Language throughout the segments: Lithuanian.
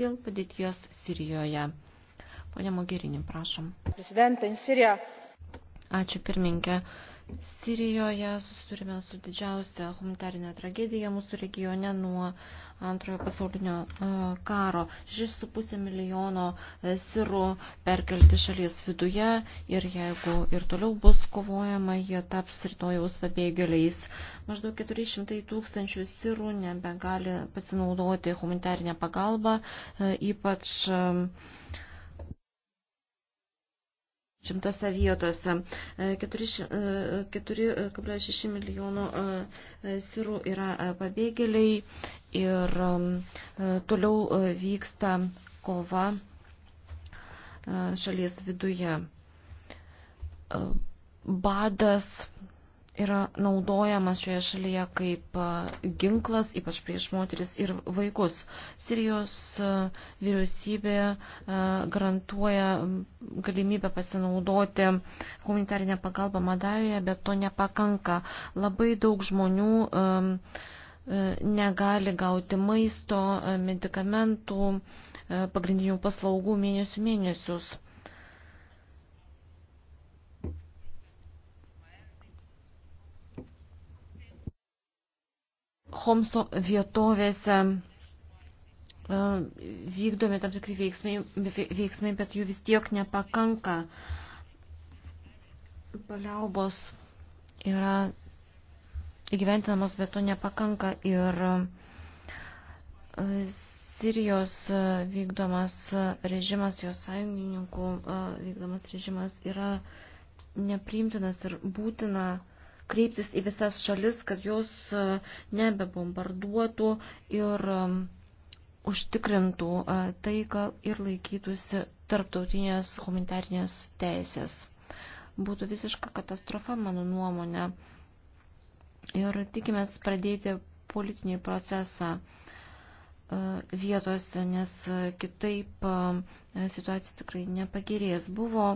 dėl padėties Sirijoje. Pone Mogerinį, prašom. Ačiū pirminkė. Sirijoje susidurime su didžiausia humanitarinė tragedija mūsų regione nuo antrojo pasaulinio karo. 6,5 milijono e, sirų perkelti šalies viduje ir jeigu ir toliau bus kovojama, jie taps rytojaus pabėgėliais. Maždaug 400 tūkstančių sirų nebegali pasinaudoti humanitarinę pagalbą, e, ypač šimtose vietose. 4,6 e, e, e, milijonų sirų yra pabėgėliai ir toliau vyksta kova šalies viduje. Badas yra naudojamas šioje šalyje kaip ginklas, ypač prieš moteris ir vaikus. Sirijos vyriausybė garantuoja galimybę pasinaudoti humanitarinę pagalbą Madajoje, bet to nepakanka. Labai daug žmonių e, negali gauti maisto, medikamentų, pagrindinių paslaugų mėnesių mėnesius. Homso vietovėse e, vykdomi tam tikri veiksmai, veiksmai, bet jų vis tiek nepakanka. Paliaubos yra įgyventinamos, bet to nepakanka ir e, Sirijos e, vykdomas režimas, jos sąjungininkų vykdomas režimas yra nepriimtinas ir būtina uh, kreiptis į visas šalis, kad jos e, nebebombarduotų ir e, užtikrintų e, taiką ir laikytųsi tarptautinės humanitarnės teisės. Būtų visiška katastrofa, mano nuomonė. Ir tikimės pradėti politinį procesą. E, vietose, nes e, kitaip e, situacija tikrai nepagerės. Buvo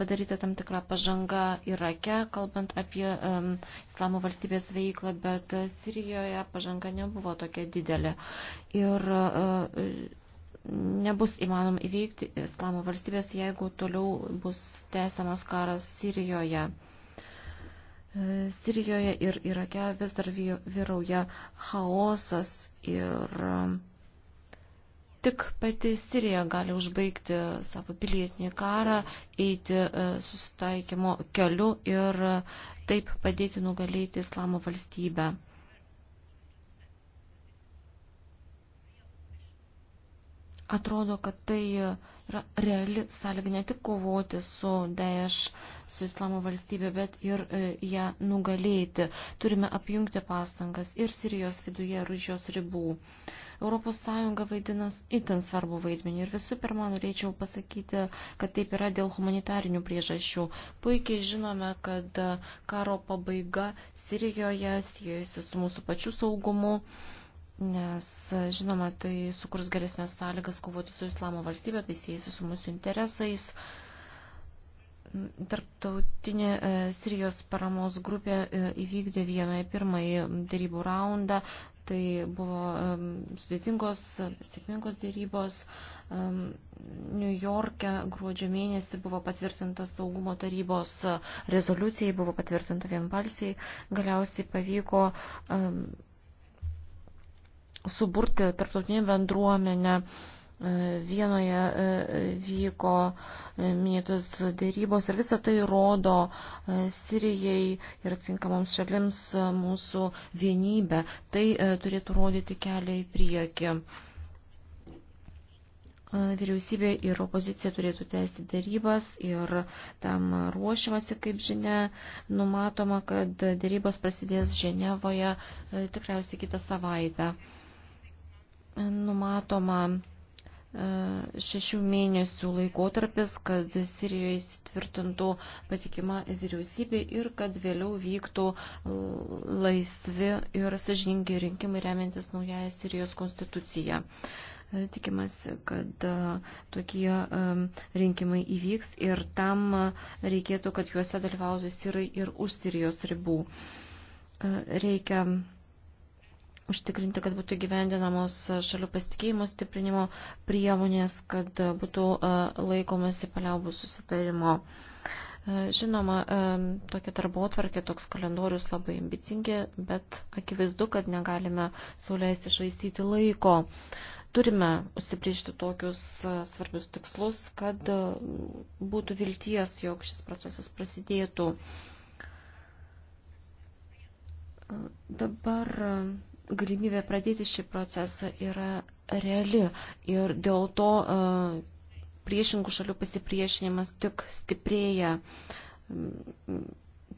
padaryta tam tikra pažanga Irake, kalbant apie um, islamo valstybės veiklą, bet Sirijoje pažanga nebuvo tokia didelė. Ir uh, nebus įmanom įveikti islamo valstybės, jeigu toliau bus tęsiamas karas Sirijoje. Sirijoje ir Irake vis dar vyrauja chaosas ir uh, Tik pati Sirija gali užbaigti savo pilietinį karą, eiti e, susitaikymo keliu ir e, taip padėti nugalėti islamo valstybę. Atrodo, kad tai yra reali sąlyga ne tik kovoti su Daesh, su islamo valstybė, bet ir e, ją nugalėti. Turime apjungti pastangas ir Sirijos viduje, ir už jos ribų. Uh, ES vaidina itin svarbu vaidmenį ir visų pirma norėčiau pasakyti, kad taip yra dėl humanitarinių priežasčių. Puikiai žinome, kad e, karo pabaiga Sirijoje siejasi su mūsų pačių saugumu nes, e, žinoma, tai sukurs geresnės sąlygas kovoti su islamo valstybė, tai siejasi su mūsų interesais. Tarptautinė e, Sirijos paramos grupė e, įvykdė vieną pirmąjį darybų raundą, Tai buvo um, sudėtingos, sėkmingos dėrybos. Um, New York'e gruodžio mėnesį buvo patvirtinta saugumo tarybos e, rezoliucija, buvo patvirtinta vienbalsiai. Galiausiai pavyko um, suburti tarptautinį bendruomenę. Um, Vienoje e, vyko e, minėtos dėrybos ir visą tai rodo e, Sirijai ir atsinkamoms šalims mūsų vienybę. Tai turėtų rodyti kelią į priekį. Vyriausybė ir opozicija turėtų tęsti dėrybas ir tam ruošiamasi, kaip žinia, numatoma, kad dėrybos prasidės Ženevoje tikriausiai kitą savaitę. Numatoma E, šešių mėnesių laikotarpis, kad Sirijoje įsitvirtintų patikima vyriausybė ir kad vėliau vyktų laisvi ir sažiningi rinkimai remiantis naująją Sirijos konstituciją. E, tikimasi, kad e, tokie rinkimai įvyks ir tam reikėtų, kad juose dalyvautų sirai ir už Sirijos ribų. Reikia užtikrinti, kad būtų gyvendinamos šalių pasitikėjimo stiprinimo priemonės, kad būtų e, laikomasi paliaubų susitarimo. E, žinoma, e, tokia darbo atvarkė, toks kalendorius labai ambicingi, bet akivaizdu, kad negalime sauliaisti švaistyti laiko. Turime užsibriežti tokius svarbius tikslus, kad būtų vilties, jog šis procesas prasidėtų. Dabar galimybė pradėti šį procesą yra reali ir dėl to e, priešingų šalių pasipriešinimas tik stiprėja. Mm,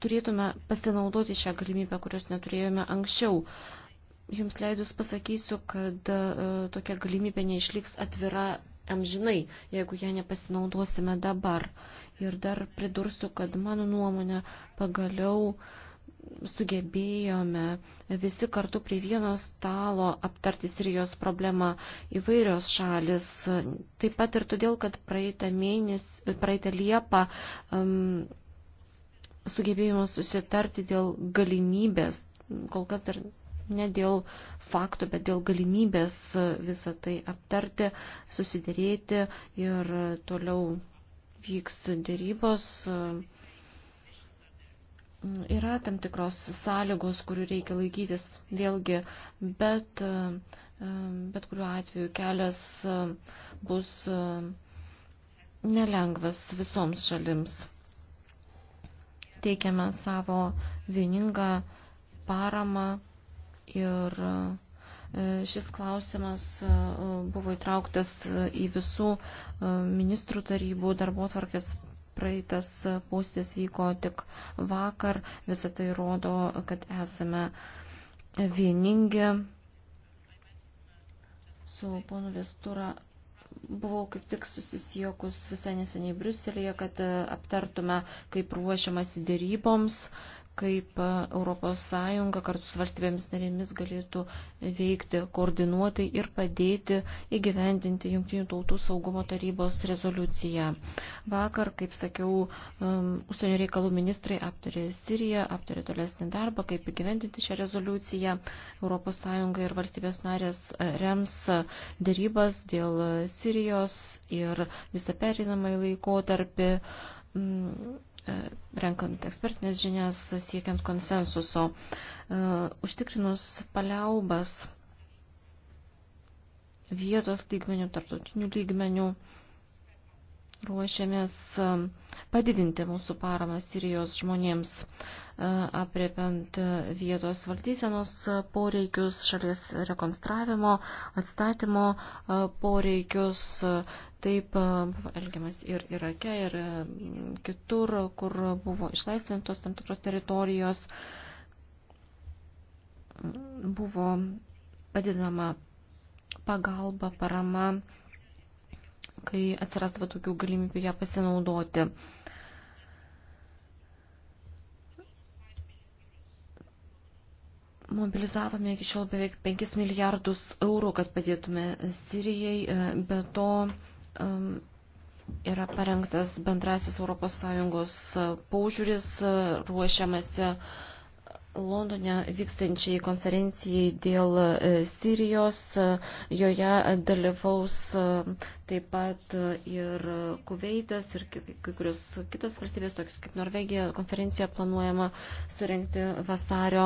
turėtume pasinaudoti šią galimybę, kurios neturėjome anksčiau. Jums leidus pasakysiu, kad e, tokia galimybė neišliks atvira amžinai, jeigu ją nepasinaudosime dabar. Ir dar pridursiu, kad mano nuomonė pagaliau uh, sugebėjome visi kartu prie vieno stalo aptarti Sirijos problemą įvairios šalis. Taip pat ir todėl, kad praeitą mėnesį, praeitą liepą um, sugebėjome susitarti dėl galimybės, kol kas dar ne dėl faktų, bet dėl galimybės visą tai aptarti, susidėrėti ir toliau vyks dėrybos. Uh, yra tam tikros sąlygos, kurių reikia laikytis vėlgi, bet, bet kuriuo atveju kelias bus nelengvas visoms šalims. Teikiame savo vieningą paramą ir e, šis klausimas e, buvo įtrauktas į visų e, ministrų tarybų darbo tvarkės Praeitas postis vyko tik vakar. Visą tai rodo, kad esame vieningi. Su ponu Vestura buvau kaip tik susisiekus visai neseniai Briuselėje, kad aptartume, kaip ruošiamasi dėryboms kaip ES kartu su valstybėmis narėmis galėtų veikti koordinuotai ir padėti įgyvendinti Junktinių tautų saugumo tarybos rezoliuciją. Vakar, kaip sakiau, e, užsienio reikalų ministrai aptarė Siriją, aptarė tolesnį darbą, kaip įgyvendinti šią rezoliuciją. ES ir valstybės narės e, rems darybas dėl Sirijos ir visą perinamąjį laikotarpį mm, E, renkant ekspertinės žinias, siekiant konsensuso, e, užtikrinus paliaubas vietos lygmenių, tartutinių lygmenių, ruošiamės um, padidinti mūsų paramą Sirijos žmonėms, uh, apriepiant uh, vietos valdysenos uh, poreikius, šalies rekonstravimo, atstatymo poreikius. Taip um, elgiamas ir Irake, ir um, kitur, kur buvo išlaisvintos tam tikros teritorijos, mm, buvo padidinama pagalba, parama kai atsirasdavo tokių galimybių ją pasinaudoti. Mobilizavome iki šiol beveik 5 milijardus eurų, kad padėtume Sirijai, e, be to yra parengtas bendrasis ES e, paužiūris, e, ruošiamasi Londone vykstančiai konferencijai dėl Sirijos. Joje dalyvaus Taip pat ir Kuveitas ir kai kurios kitos valstybės, tokios kaip Norvegija, konferencija planuojama surenkti vasario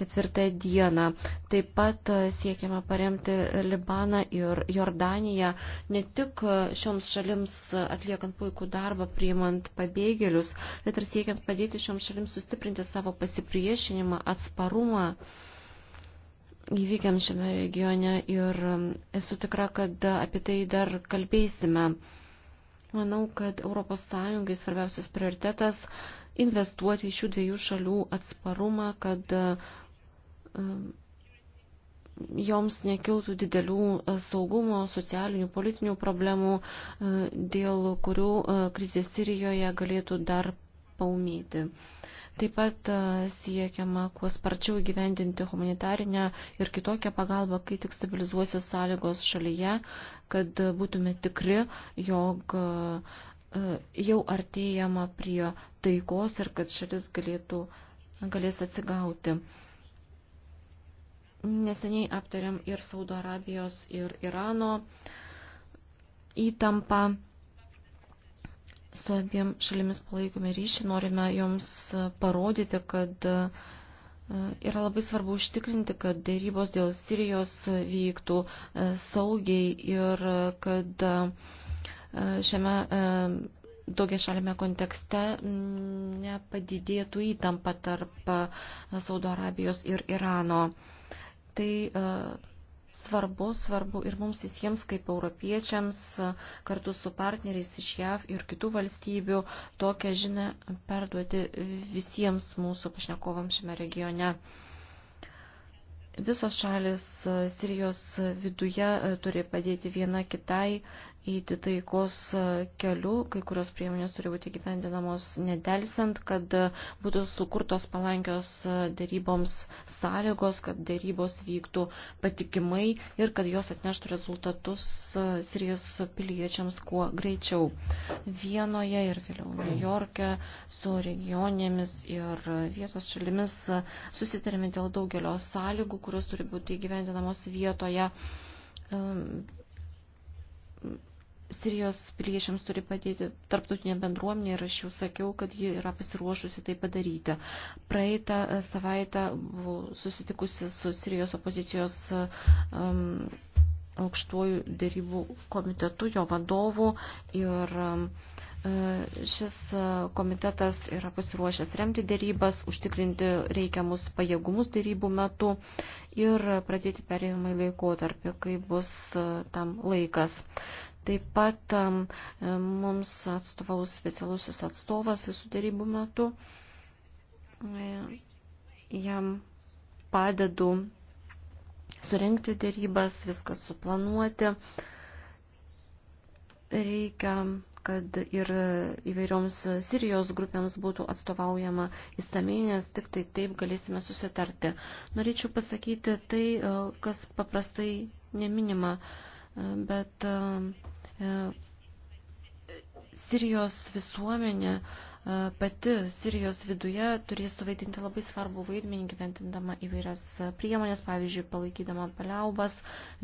ketvirtą dieną. Taip pat siekiama paremti Libaną ir Jordaniją ne tik šioms šalims atliekant puikų darbą, priimant pabėgėlius, bet ir siekiant padėti šioms šalims sustiprinti savo pasipriešinimą, atsparumą įvykiams šiame regione ir um, esu tikra, kad apie tai dar kalbėsime. Manau, kad ES svarbiausias prioritetas investuoti į šių dviejų šalių atsparumą, kad um, joms nekiltų didelių uh, saugumo, socialinių, politinių problemų, uh, dėl kurių uh, krizė Sirijoje galėtų dar paumyti. Taip pat siekiama kuo sparčiau gyvendinti humanitarinę ir kitokią pagalbą, kai tik stabilizuosis sąlygos šalyje, kad būtume tikri, jog jau artėjama prie taikos ir kad šalis galėtų, galės atsigauti. Neseniai aptariam ir Saudo Arabijos, ir Irano įtampą Su abiem šalimis palaikome ryšį, norime joms e, parodyti, kad e, Yra labai svarbu užtikrinti, kad dėrybos dėl Sirijos vyktų e, saugiai ir kad šiame daugia šalime kontekste mm, nepadidėtų įtampa tarp Saudo Arabijos ir Irano. Tai svarbu, svarbu ir mums visiems kaip europiečiams, kartu su partneriais iš JAV ir kitų valstybių, tokią žinę perduoti visiems mūsų pašnekovams šiame regione. Visos šalis Sirijos viduje e, turi padėti viena kitai eiti taikos e, keliu, kai kurios priemonės turi būti gyvendinamos nedelsiant, kad e, būtų sukurtos palankios e, dėryboms sąlygos, kad dėrybos vyktų patikimai ir kad jos atneštų rezultatus Sirijos piliečiams kuo greičiau. Vienoje ir vėliau New York'e su regionėmis ir vietos šalimis susitarėme dėl daugelio sąlygų, kurios turi būti gyvendinamos vietoje Sirijos piliečiams turi padėti tarptautinė bendruomenė ir aš jau sakiau, kad ji yra pasiruošusi tai padaryti. Praeitą e, savaitę buvau susitikusi su Sirijos opozicijos um, aukštuoju dėrybų komitetu, jo vadovu ir um, Šis e, komitetas yra pasiruošęs remti dėrybas, užtikrinti reikiamus pajėgumus dėrybų metu ir pradėti perėjimai laikotarpį, kai bus tam laikas. Taip pat um, um, mums atstovaus specialusis atstovas visų darybų metu. E, jam padedu surinkti darybas, viską suplanuoti. Reikia, kad ir įvairioms Sirijos grupėms būtų atstovaujama įstamiai, nes tik tai taip galėsime susitarti. Norėčiau pasakyti tai, e, kas paprastai neminima, e, bet E, Sirijos visuomenė e, pati Sirijos viduje turės suvaidinti labai svarbų vaidmenį gyventindama įvairias priemonės, pavyzdžiui, palaikydama paliaubas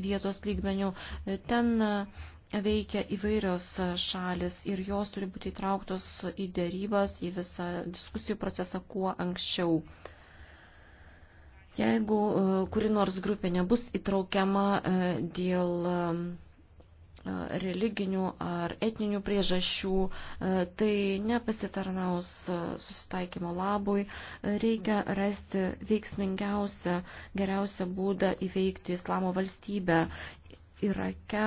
vietos lygmenių. E, ten veikia įvairios šalis ir jos turi būti įtrauktos į dėrybas, į visą diskusijų procesą kuo anksčiau. Jeigu kuri nors grupė nebus įtraukiama dėl religinių ar etninių priežasčių, e, tai nepasitarnaus e, susitaikymo labui. Reikia rasti veiksmingiausią, geriausią būdą įveikti islamo valstybę Irake.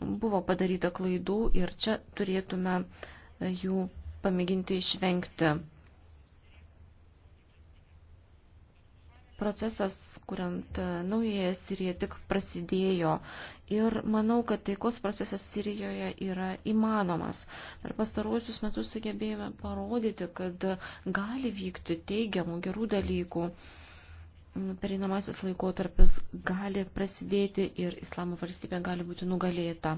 Buvo padaryta klaidų ir čia turėtume e, jų pamėginti išvengti. procesas, kuriant naująją Siriją, tik prasidėjo Ir manau, kad taikos procesas Sirijoje yra įmanomas. Per pastaruosius metus sugebėjome parodyti, kad gali vykti teigiamų gerų dalykų. Perinamasis laikotarpis gali prasidėti ir islamo valstybė gali būti nugalėta.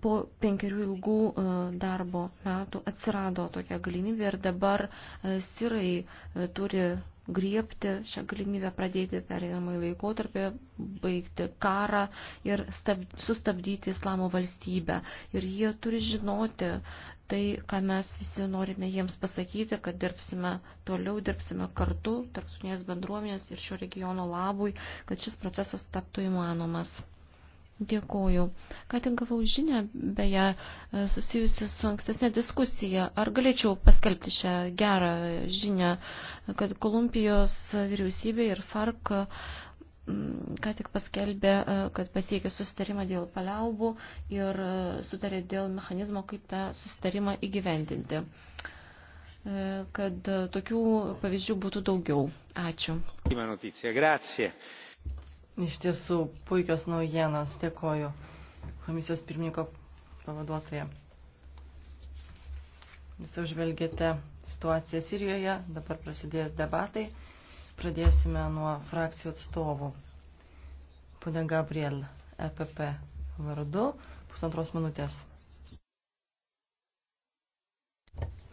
Po penkerių ilgų e, darbo metų atsirado tokia galimybė ir dabar e, sirai e, turi griepti šią galimybę pradėti pereinamai laikotarpį, baigti karą ir stab, sustabdyti islamo valstybę. Ir jie turi žinoti tai, ką mes visi norime jiems pasakyti, kad dirbsime toliau, dirbsime kartu, tarptautinės bendruomenės ir šio regiono labui, kad šis procesas taptų įmanomas. Dėkuoju. Ką tik gavau žinę, beje, susijusi su ankstesnė diskusija. Ar galėčiau paskelbti šią gerą žinę, kad Kolumbijos vyriausybė ir FARC mm, ką tik paskelbė, e, kad pasiekė susitarimą dėl paliaubų ir e, sutarė dėl mechanizmo, kaip tą susitarimą įgyvendinti. E, kad tokių pavyzdžių būtų daugiau. Ačiū. Grazie. Iš tiesų, puikios naujienos. Dėkoju komisijos pirmininko pavaduotoje. Jūs užvelgėte situaciją Sirijoje, dabar prasidės debatai. Pradėsime nuo frakcijų atstovų. Pone Gabriel, EPP vardu, pusantros minutės.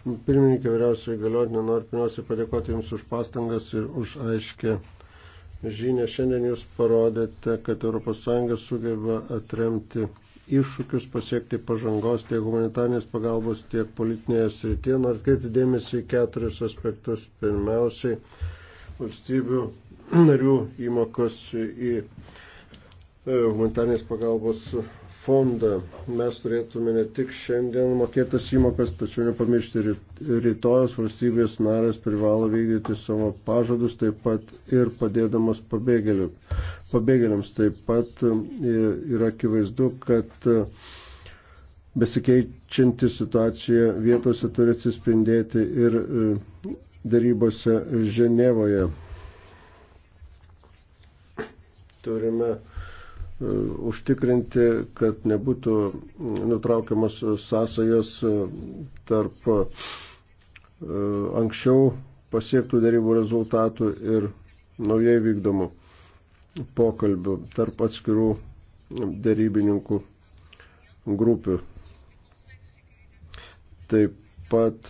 Pirmininkė vyriausiai galiotinė, noriu pirmiausiai padėkoti Jums už pastangas ir už aiškę žinę. Šiandien jūs parodėte, kad ES sugeba atremti iššūkius, pasiekti pažangos tiek humanitarnės pagalbos, tiek politinėje srityje. Nors kaip dėmesį į keturis aspektus. Pirmiausiai, valstybių narių įmokos į e, humanitarnės pagalbos fondą. Mes turėtume ne tik šiandien mokėtas įmokas, tačiau nepamiršti rytojus valstybės narės privalo vykdyti savo pažadus, taip pat ir padėdamas pabėgėliams. Taip pat e, yra akivaizdu, kad e, besikeičianti situacija vietose turi atsispindėti ir e, darybose Ženevoje. Turime E, užtikrinti, kad nebūtų nutraukiamas sąsajos e, tarp e, anksčiau pasiektų darybų rezultatų ir naujai vykdomų pokalbių tarp atskirų darybininkų grupių. Taip pat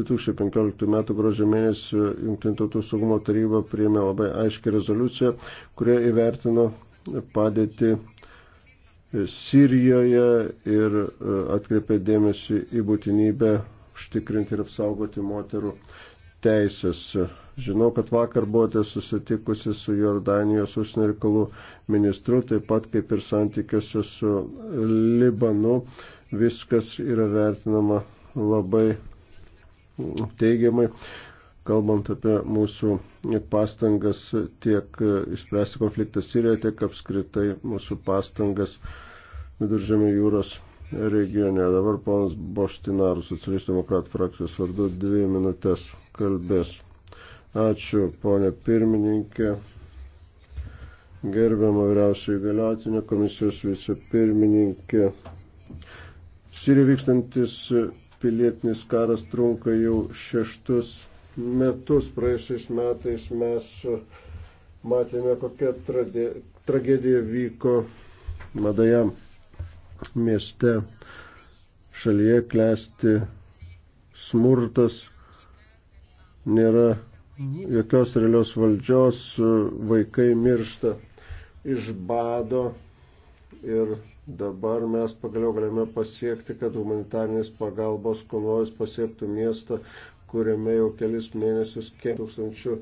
2015 m. gruodžio mėnesį Junktinių tautų saugumo taryba priėmė labai aiškį rezoliuciją, kurie įvertino padėtį Sirijoje ir e, atkreipė dėmesį į būtinybę užtikrinti ir apsaugoti moterų teisės. Žinau, kad vakar buvote susitikusi su Jordanijos užsienio reikalų ministru, taip pat kaip ir santykiuose su Libanu. Viskas yra vertinama labai teigiamai kalbant apie mūsų pastangas tiek išspręsti konfliktą Sirijoje, tiek apskritai mūsų pastangas viduržėmio jūros regione. Dabar ponas Boštinarų, socialistų demokratų frakcijos vardu, dvi minutės kalbės. Ačiū, ponė pirmininkė. Gerbiamo vyriausiai galiotinė komisijos vicepirmininkė. Sirijoje vykstantis pilietinis karas trunka jau šeštus metus. Praėjusiais metais mes matėme, kokia tragedija vyko Madaja mieste. Šalyje klesti smurtas, nėra jokios realios valdžios, vaikai miršta iš bado ir dabar mes pagaliau galime pasiekti, kad humanitarnės pagalbos konvojus pasiektų miestą, kuriame jau kelis mėnesius tūkstančių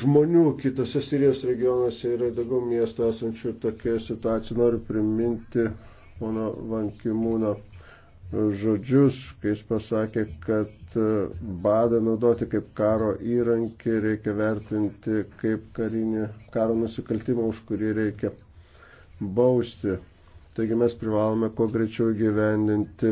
žmonių. Kitose Sirijos regionuose yra daugiau miestų esančių tokia situacija. Noriu priminti pono Vankimūno e, žodžius, kai jis pasakė, kad e, badą naudoti kaip karo įrankį reikia vertinti kaip karinį karo nusikaltimą, už kurį reikia bausti. Taigi mes privalome kuo greičiau gyvendinti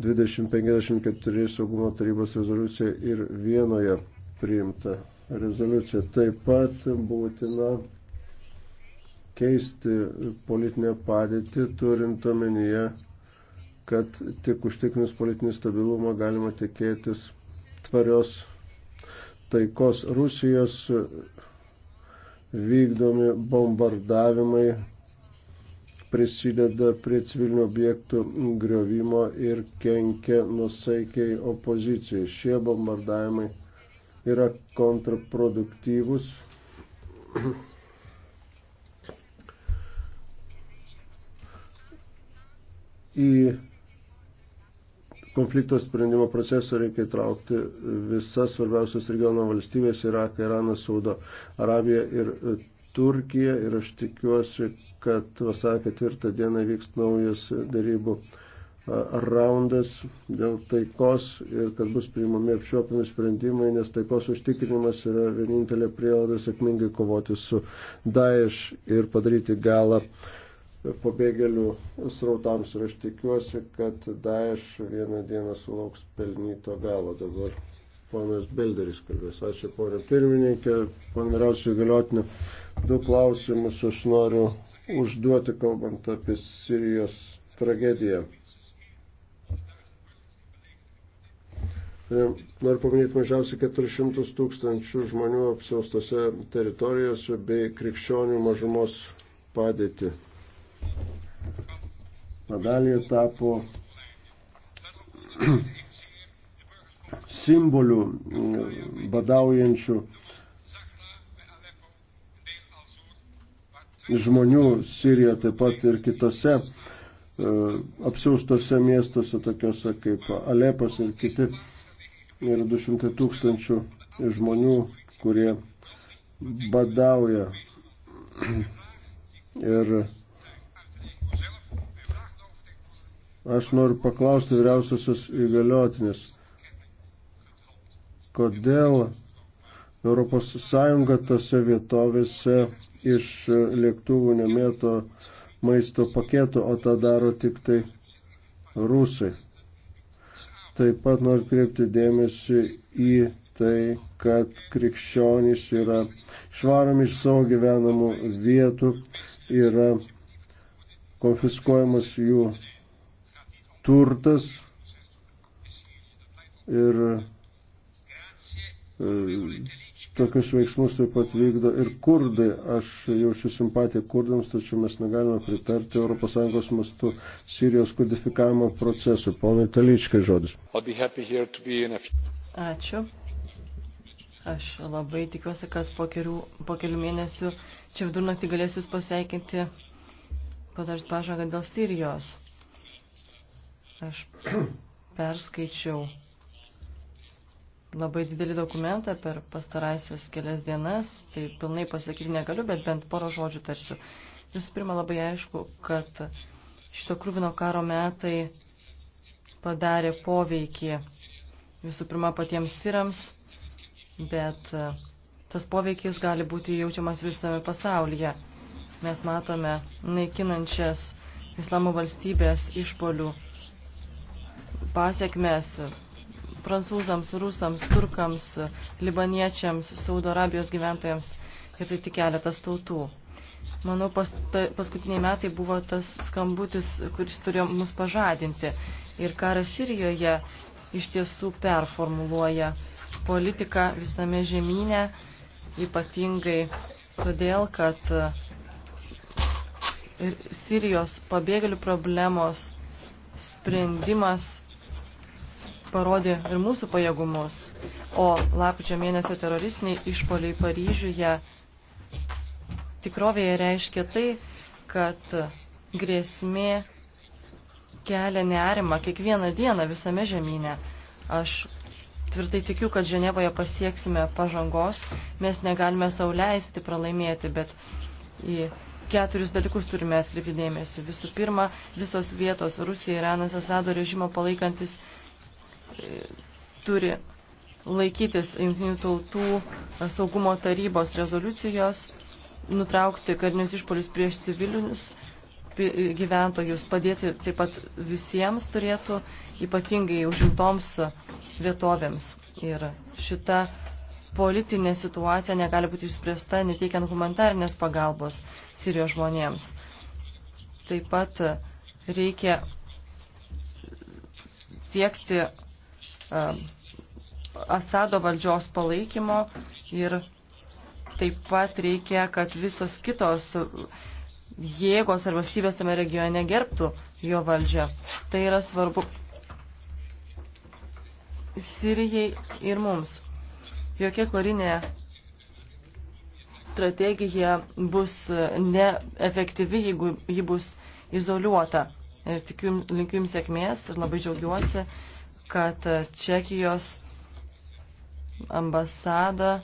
2054 saugumo tarybos rezoliucija ir vienoje priimta rezoliucija. Taip pat būtina keisti politinę padėtį, turint omenyje, kad tik užtikrinus politinį stabilumą galima tikėtis tvarios taikos Rusijos vykdomi bombardavimai prisideda prie civilinių objektų griovimo ir kenkia nusaikiai opozicijai. Šie bombardavimai yra kontraproduktyvus. Į konflikto sprendimo procesą reikia įtraukti visas svarbiausias regiono valstybės - Iraką, Iraną, Saudo Arabiją ir Turkija ir aš tikiuosi, kad vasario ketvirtą dieną vyks naujas darybų raundas dėl taikos ir kad bus priimami apčiuopimi sprendimai, nes taikos užtikrinimas yra vienintelė prielaida sėkmingai kovoti su Daesh ir padaryti galą pabėgėlių srautams. Ir aš tikiuosi, kad Daesh vieną dieną sulauks pelnyto galo dabar. Ponas Belderis kalbės. Ačiū, ponė pirmininkė, ponė vyriausiai galiotinė. Du klausimus aš noriu užduoti, kalbant apie Sirijos tragediją. E, noriu paminėti mažiausiai 400 tūkstančių žmonių apsaustose teritorijose bei krikščionių mažumos padėti. Padalija tapo simbolių mm, badaujančių žmonių Sirijoje, taip pat ir kitose e, apsiaustose miestuose, tokiuose kaip Alepas ir kiti, yra 200 tūkstančių žmonių, kurie badauja. Ir aš noriu paklausti vyriausiosios įgaliotinės kodėl ES tose vietovėse iš lėktuvų nemėto maisto paketų, o tą daro tik tai rusai. Taip pat noriu kreipti dėmesį į tai, kad krikščionys yra švaromi iš savo gyvenamų vietų, yra konfiskuojamas jų turtas ir E, tokius veiksmus taip pat vykdo ir kurdai. Aš jaučiu simpatiją kurdams, tačiau mes negalime pritarti ES mastu Sirijos kodifikavimo procesui. Ponai Taličkai žodis. Ačiū. Aš labai tikiuosi, kad po kelių, po kelių mėnesių čia vidurnaktį galėsiu jūs pasveikinti padarys pažangą dėl Sirijos. Aš perskaičiau labai didelį dokumentą per pastarąsias kelias dienas, tai pilnai pasakyti negaliu, bet bent porą žodžių tarsiu. Visų pirma, labai aišku, kad šito krūvino karo metai padarė poveikį visų pirma patiems sirams, bet e, tas poveikis gali būti jaučiamas visame pasaulyje. Mes matome naikinančias islamo valstybės išpolių pasiekmes prancūzams, rusams, turkams, libaniečiams, Saudo Arabijos gyventojams ir tai tik keletas tautų. Manau, pas, ta, paskutiniai metai buvo tas skambutis, kuris turėjo mus pažadinti. Ir karas Sirijoje iš tiesų performuluoja politiką visame žemynė, ypatingai todėl, kad e, Sirijos pabėgėlių problemos sprendimas parodė ir mūsų pajėgumus. O lapkričio mėnesio teroristiniai išpoliai Paryžiuje tikrovėje reiškia tai, kad grėsmė kelia nerimą kiekvieną dieną visame žemynė. Aš tvirtai tikiu, kad Ženevoje pasieksime pažangos, mes negalime sauliaisti pralaimėti, bet į keturis dalykus turime atkreipti dėmesį. Visų pirma, visos vietos Rusija, Iranas, Asado režimo palaikantis turi laikytis Junktinių tautų saugumo tarybos rezoliucijos, nutraukti karinius išpolius prieš civilinius gyventojus, padėti taip pat visiems turėtų, ypatingai užimtoms vietovėms. Ir šita politinė situacija negali būti išspręsta neteikiant humanitarnės pagalbos Sirijos žmonėms. Taip pat reikia siekti Asado valdžios palaikymo ir taip pat reikia, kad visos kitos jėgos ar valstybės tame regione gerbtų jo valdžią. Tai yra svarbu Sirijai ir mums. Jokia korinė strategija bus neefektyvi, jeigu ji bus izoliuota. Ir tikiu, linkiu jums sėkmės ir labai džiaugiuosi kad Čekijos ambasada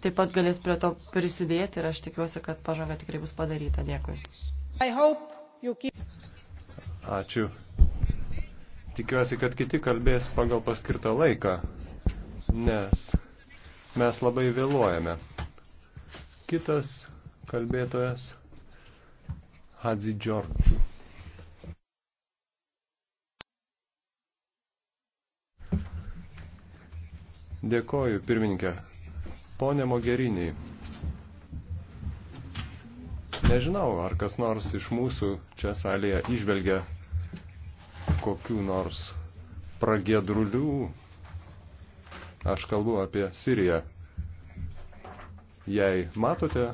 taip pat galės prie to prisidėti ir aš tikiuosi, kad pažanga tikrai bus padaryta. Dėkui. Ačiū. Tikiuosi, kad kiti kalbės pagal paskirtą laiką, nes mes labai vėluojame. Kitas kalbėtojas Hadzi Džordžiu. Dėkoju, pirmininkė. Pone Mogeriniai, nežinau, ar kas nors iš mūsų čia salėje išvelgia kokių nors pragėdrulių. Aš kalbu apie Siriją. Jei matote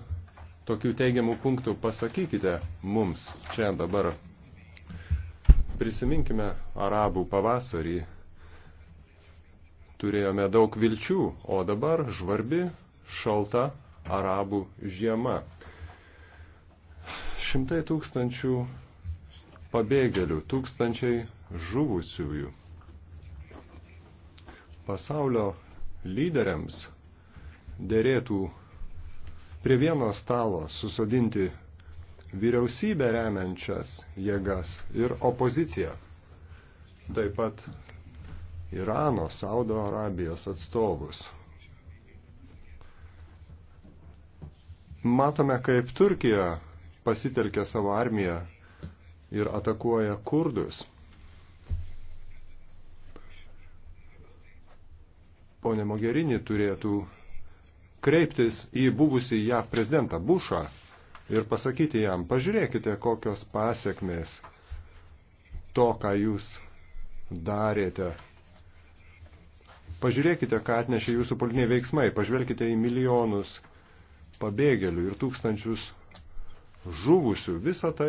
tokių teigiamų punktų, pasakykite mums čia dabar. Prisiminkime arabų pavasarį turėjome daug vilčių, o dabar žvarbi, šalta arabų žiema. Šimtai tūkstančių pabėgėlių, tūkstančiai žuvusiųjų. Pasaulio lyderiams dėrėtų prie vieno stalo susodinti vyriausybę remiančias jėgas ir opoziciją. Taip pat Irano, Saudo Arabijos atstovus. Matome, kaip Turkija pasitelkia savo armiją ir atakuoja kurdus. Pone Mogherini turėtų kreiptis į buvusį JAV prezidentą Bušą ir pasakyti jam, pažiūrėkite, kokios pasiekmės to, ką jūs darėte Pažiūrėkite, ką atnešė jūsų politiniai veiksmai, pažvelkite į milijonus pabėgėlių ir tūkstančius žuvusių. Visa tai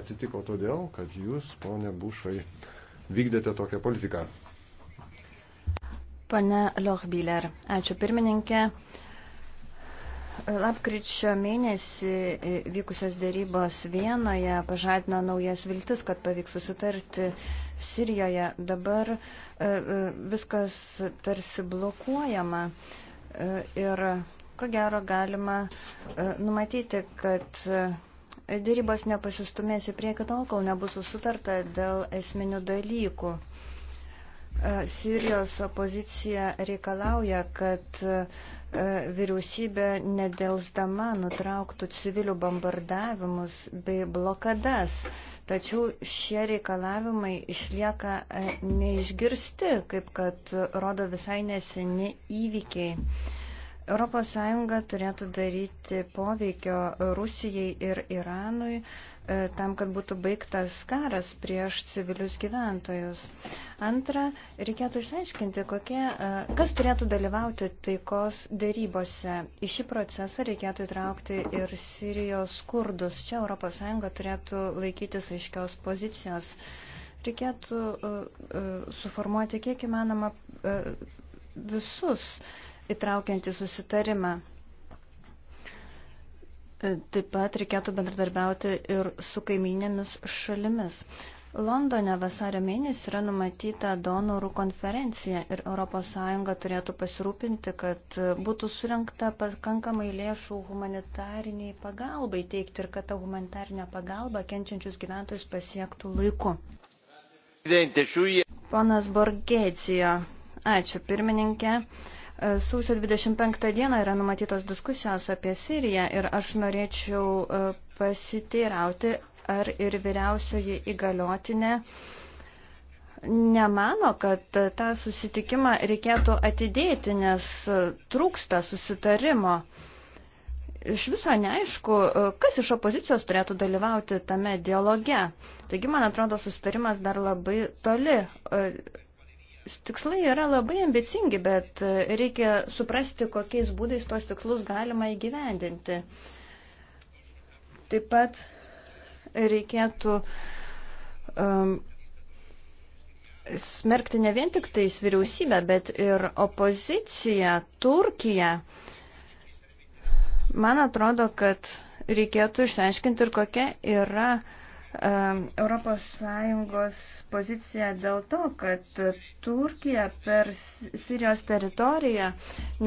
atsitiko todėl, kad jūs, ponė Bušai, vykdėte tokią politiką. Pane Lochbiler, ačiū pirmininkė. Lapkričio mėnesį vykusios dėrybos Vienoje pažadino naujas viltis, kad pavyks susitarti Sirijoje. Dabar e, e, viskas tarsi blokuojama e, ir ko gero galima numatyti, kad dėrybos nepasistumės į priekį tol, kol nebus sutarta dėl esminių dalykų. Sirijos opozicija reikalauja, kad E, vyriausybė nedelsdama nutrauktų civilių bombardavimus bei blokadas. Tačiau šie reikalavimai išlieka e, neišgirsti, kaip kad rodo visai neseni įvykiai. ES turėtų daryti poveikio Rusijai ir Iranui, E, tam, kad būtų baigtas karas prieš civilius gyventojus. Antra, reikėtų išsiaiškinti, kokie, e, kas turėtų dalyvauti taikos dėrybose. Į šį procesą reikėtų įtraukti ir Sirijos kurdus. Čia ES turėtų laikytis aiškios pozicijos. Reikėtų e, suformuoti kiek įmanoma visus įtraukiantį susitarimą. Taip pat reikėtų bendradarbiauti ir su kaiminėmis šalimis. Londone vasario mėnesį yra numatyta donorų konferencija ir ES turėtų pasirūpinti, kad būtų surinkta pakankamai lėšų humanitariniai pagalbai teikti ir kad ta humanitarinė pagalba kenčiančius gyventojus pasiektų laiku. Ponas Borgėcijo, ačiū pirmininkė. Sausio 25 dieną yra numatytos diskusijos apie Siriją ir aš norėčiau e, pasiteirauti, ar ir vyriausioji įgaliotinė nemano, kad tą susitikimą reikėtų atidėti, nes trūksta susitarimo. Iš viso neaišku, e, kas iš opozicijos turėtų dalyvauti tame dialoge. Taigi, man atrodo, susitarimas dar labai toli e, Tikslai yra labai ambicingi, bet e, reikia suprasti, kokiais būdais tuos tikslus galima įgyvendinti. Taip pat reikėtų um, smerkti ne vien tik tais vyriausybę, bet ir opoziciją, Turkiją. Man atrodo, kad reikėtų išsiaiškinti ir kokia yra uh, ES poziciją dėl to, kad Turkija per Sirijos teritoriją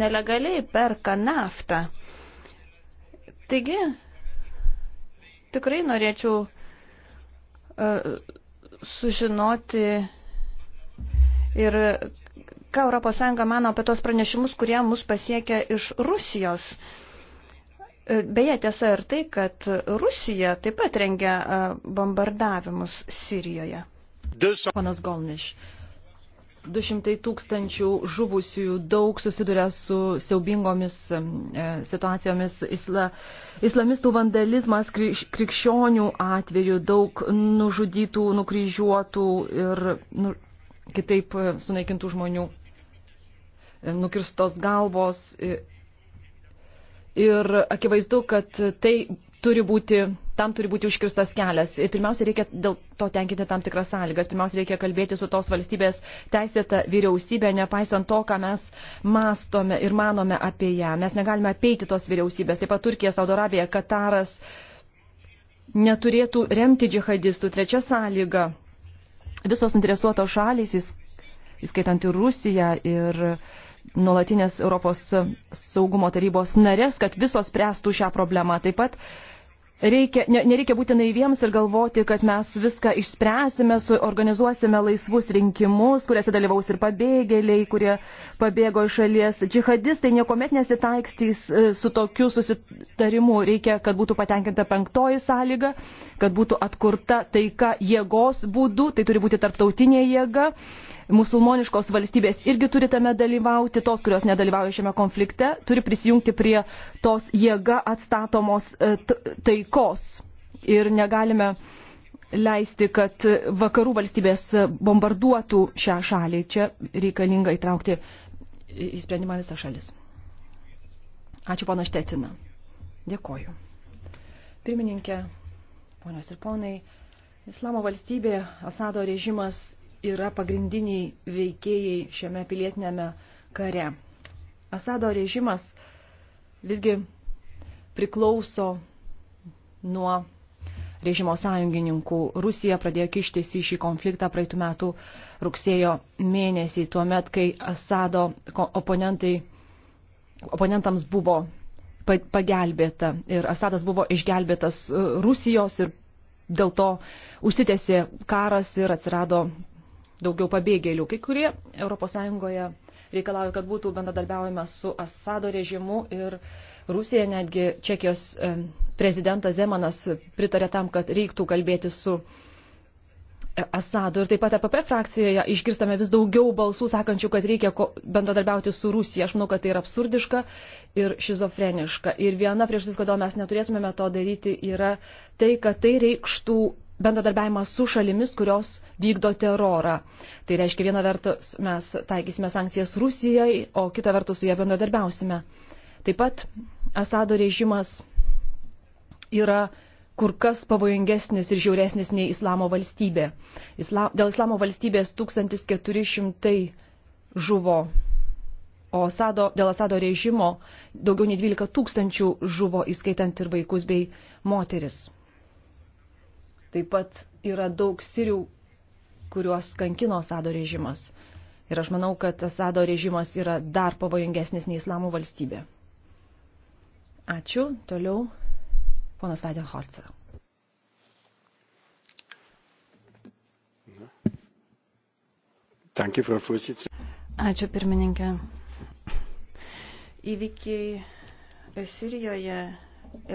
nelegaliai perka naftą. Taigi, tikrai norėčiau e, sužinoti ir ką ES mano apie tos pranešimus, kurie mus pasiekia iš Rusijos. Uh, Beje, tiesa ir tai, kad Rusija taip pat rengia bombardavimus Sirijoje. Ponas Golniš. 200 tūkstančių žuvusiųjų daug susiduria su siaubingomis e, situacijomis isla, islamistų vandalizmas, krikščionių atveju daug nužudytų, nukryžiuotų ir nu, kitaip sunaikintų žmonių, e, nukirstos galvos. Ir, e, Ir akivaizdu, kad tai turi būti, tam turi būti užkirstas kelias. Ir pirmiausia, reikia dėl to tenkinti tam tikras sąlygas. Pirmiausia, reikia kalbėti su tos valstybės teisėta vyriausybė, nepaisant to, ką mes mastome ir manome apie ją. Mes negalime apeiti tos vyriausybės. Taip pat Turkija, Saudarabija, Kataras neturėtų remti džihadistų. Trečia sąlyga. Visos interesuotos šalys, įskaitant ir Rusiją ir uh, nuolatinės Europos saugumo tarybos narės, kad visos prestų šią problemą. Taip pat reikia, ne, nereikia būti naiviems ir galvoti, kad mes viską išspręsime, suorganizuosime laisvus rinkimus, kuriuose dalyvaus ir pabėgėliai, kurie pabėgo iš šalies. Džihadistai niekuomet nesitaikstys e, su tokiu susitarimu. Reikia, kad būtų patenkinta penktoji sąlyga, kad būtų atkurta taika jėgos būdu, tai turi būti tarptautinė jėga musulmoniškos valstybės irgi turi tame dalyvauti, tos, kurios nedalyvauja šiame konflikte, turi prisijungti prie tos jėga atstatomos e, taikos. Ir negalime leisti, kad vakarų valstybės bombarduotų šią šalį. Čia reikalinga įtraukti į sprendimą visą šalis. Ačiū, pana Štetina. Dėkoju. Pirmininkė, ponios ir ponai, Islamo valstybė, Asado režimas yra pagrindiniai veikėjai šiame pilietinėme kare. Asado režimas visgi priklauso nuo režimo sąjungininkų. Rusija pradėjo kištis į šį konfliktą praeitų metų rugsėjo mėnesį, tuo met, kai Asado oponentams buvo pagelbėta ir Asadas buvo išgelbėtas uh, Rusijos ir dėl to užsitėsi karas ir atsirado daugiau pabėgėlių. Kai kurie ES reikalauja, kad būtų bendradarbiaujama su Asado režimu ir Rusija, netgi Čekijos e, prezidentas Zemanas pritarė tam, kad reiktų kalbėti su e, Asadu. Ir taip pat EPP frakcijoje išgirstame vis daugiau balsų sakančių, kad reikia bendradarbiauti su Rusija. Aš manau, kad tai yra absurdiška ir šizofreniška. Ir viena priežastis, kodėl mes neturėtumėme to daryti, yra tai, kad tai reikštų bendradarbiavimą su šalimis, kurios vykdo terorą. Tai reiškia, viena vertus mes taikysime sankcijas Rusijai, o kita vertus su ją bendradarbiausime. Taip pat Asado režimas yra kur kas pavojingesnis ir žiauresnis nei Islamo valstybė. Isla, dėl Islamo valstybės 1400 žuvo, o Asado, dėl Asado režimo daugiau nei 12 tūkstančių žuvo, įskaitant ir vaikus bei moteris. Taip pat yra daug sirių, kuriuos kankino Asado režimas. Ir aš manau, kad Asado režimas yra dar pavojingesnis nei Islamo valstybė. Ačiū. Toliau ponas Weidenholzer. Ačiū pirmininkė. Įvykiai Sirijoje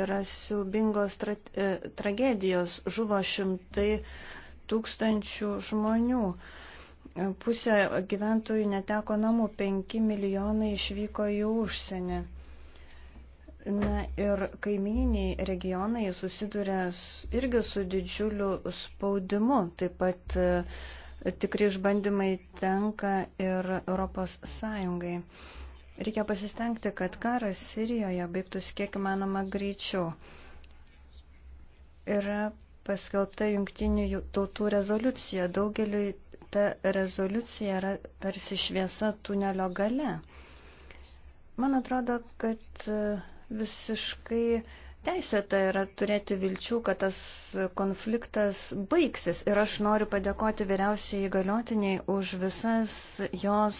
yra siaubingos tra e, tragedijos, žuvo šimtai tūkstančių žmonių. E, pusė gyventojų neteko namų, 5 milijonai išvyko į užsienį. Na ir kaiminiai regionai susiduria irgi su didžiuliu spaudimu. Taip pat e, tikri išbandymai tenka ir Europos Sąjungai. Reikia pasistengti, kad karas Sirijoje baigtųsi kiek įmanoma greičiau. Yra paskelbta jungtinių tautų rezoliucija. Daugeliui ta rezoliucija yra tarsi šviesa tunelio gale. Man atrodo, kad e, visiškai teisėta yra turėti vilčių, kad tas konfliktas baigsis. Ir aš noriu padėkoti vyriausiai įgaliotiniai už visas jos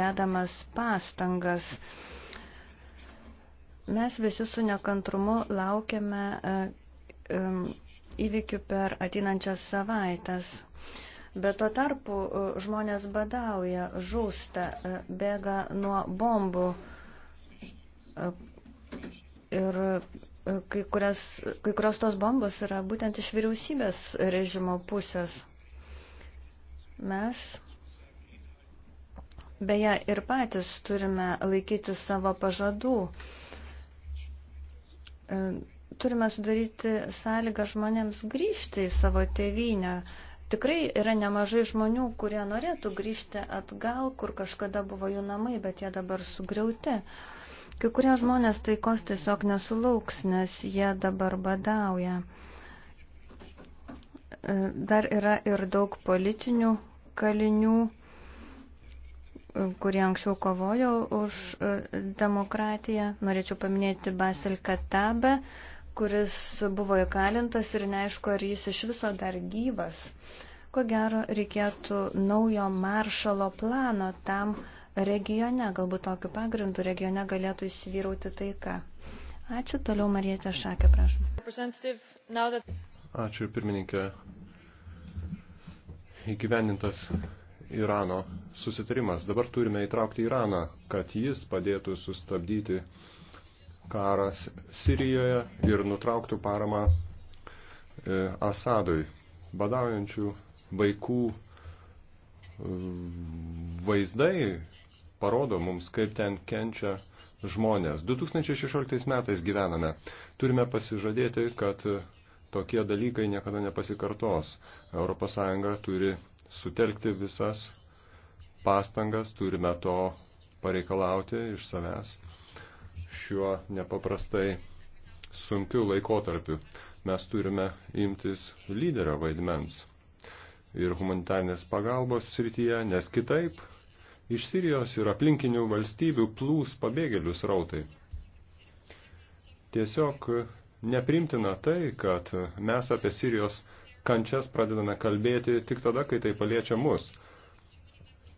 dedamas pastangas. Mes visi su nekantrumu laukiame e, e, įvykių per ateinančias savaitės. Bet tuo tarpu e, žmonės badauja, žūsta, bėga nuo bombų ir kai kurias, kai kurios tos bombos yra būtent iš vyriausybės režimo pusės. Mes beje ir patys turime laikyti savo pažadų. E, turime sudaryti sąlygą žmonėms grįžti į savo tėvynę. Tikrai yra nemažai žmonių, kurie norėtų grįžti atgal, kur kažkada buvo jų namai, bet jie dabar sugriauti. Uh, Kai kurie žmonės taikos tiesiog nesulauks, nes jie dabar badauja. E, dar yra ir daug politinių kalinių, e, kurie anksčiau kovojo už e, demokratiją. Norėčiau paminėti Basil Katabę, kuris buvo įkalintas ir neaišku, ar jis iš viso dar gyvas. Ko gero, reikėtų naujo maršalo plano tam, regione, galbūt tokiu pagrindu regione galėtų įsivyrauti taika. Ačiū, toliau Marietė Šakė, prašom. Ačiū, pirmininkė. Įgyvendintas Irano susitarimas. Dabar turime įtraukti Iraną, kad jis padėtų sustabdyti karą Sirijoje ir nutrauktų paramą e, Asadui. Badaujančių vaikų e, vaizdai parodo mums, kaip ten kenčia žmonės. 2016 metais gyvename. Turime pasižadėti, kad tokie dalykai niekada nepasikartos. ES turi sutelkti visas pastangas, turime to pareikalauti iš savęs šiuo nepaprastai sunkiu laikotarpiu. Mes turime imtis lyderio vaidmens ir humanitarnės pagalbos srityje, nes kitaip Iš Sirijos ir aplinkinių valstybių plūs pabėgėlių srautai. Tiesiog neprimtina tai, kad mes apie Sirijos kančias pradedame kalbėti tik tada, kai tai paliečia mus.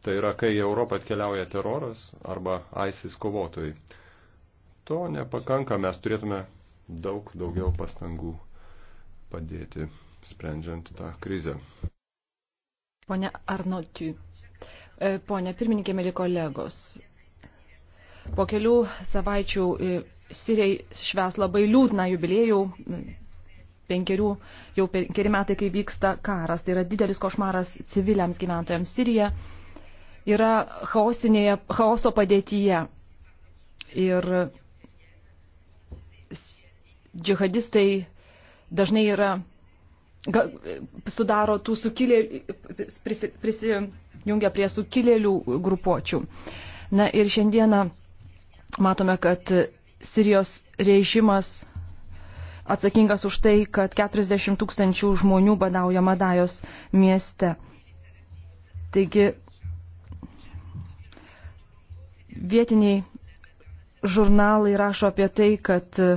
Tai yra, kai į Europą atkeliauja teroras arba ISIS kovotojai. To nepakanka, mes turėtume daug daugiau pastangų padėti, sprendžiant tą krizę. Pone Arnotiu, E, Pone pirmininkė, mėly kolegos, po kelių savaičių e, Sirijai šves labai liūdną jubiliejų, penkerių, jau penkeri metai, kai vyksta karas. Tai yra didelis košmaras civiliams gyventojams Sirija. Yra chaoso padėtyje. Ir džihadistai dažnai yra, sudaro tų sukilėlių, prisi, prisi, jungia prie sukilėlių grupuočių. Na ir šiandieną matome, kad Sirijos režimas atsakingas už tai, kad 40 tūkstančių žmonių badauja Madajos mieste. Taigi vietiniai žurnalai rašo apie tai, kad e,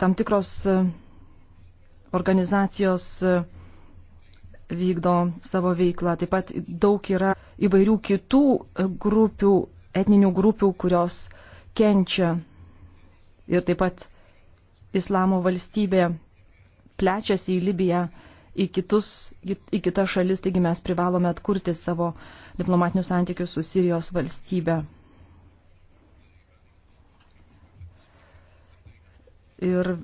tam tikros e, organizacijos e, vykdo savo veiklą. Taip pat daug yra įvairių kitų grupių, etninių grupių, kurios kenčia. Ir taip pat islamo valstybė plečiasi į Libiją, į, kitus, į kitas šalis, taigi mes privalome atkurti savo diplomatinius santykius su Sirijos valstybe. Ir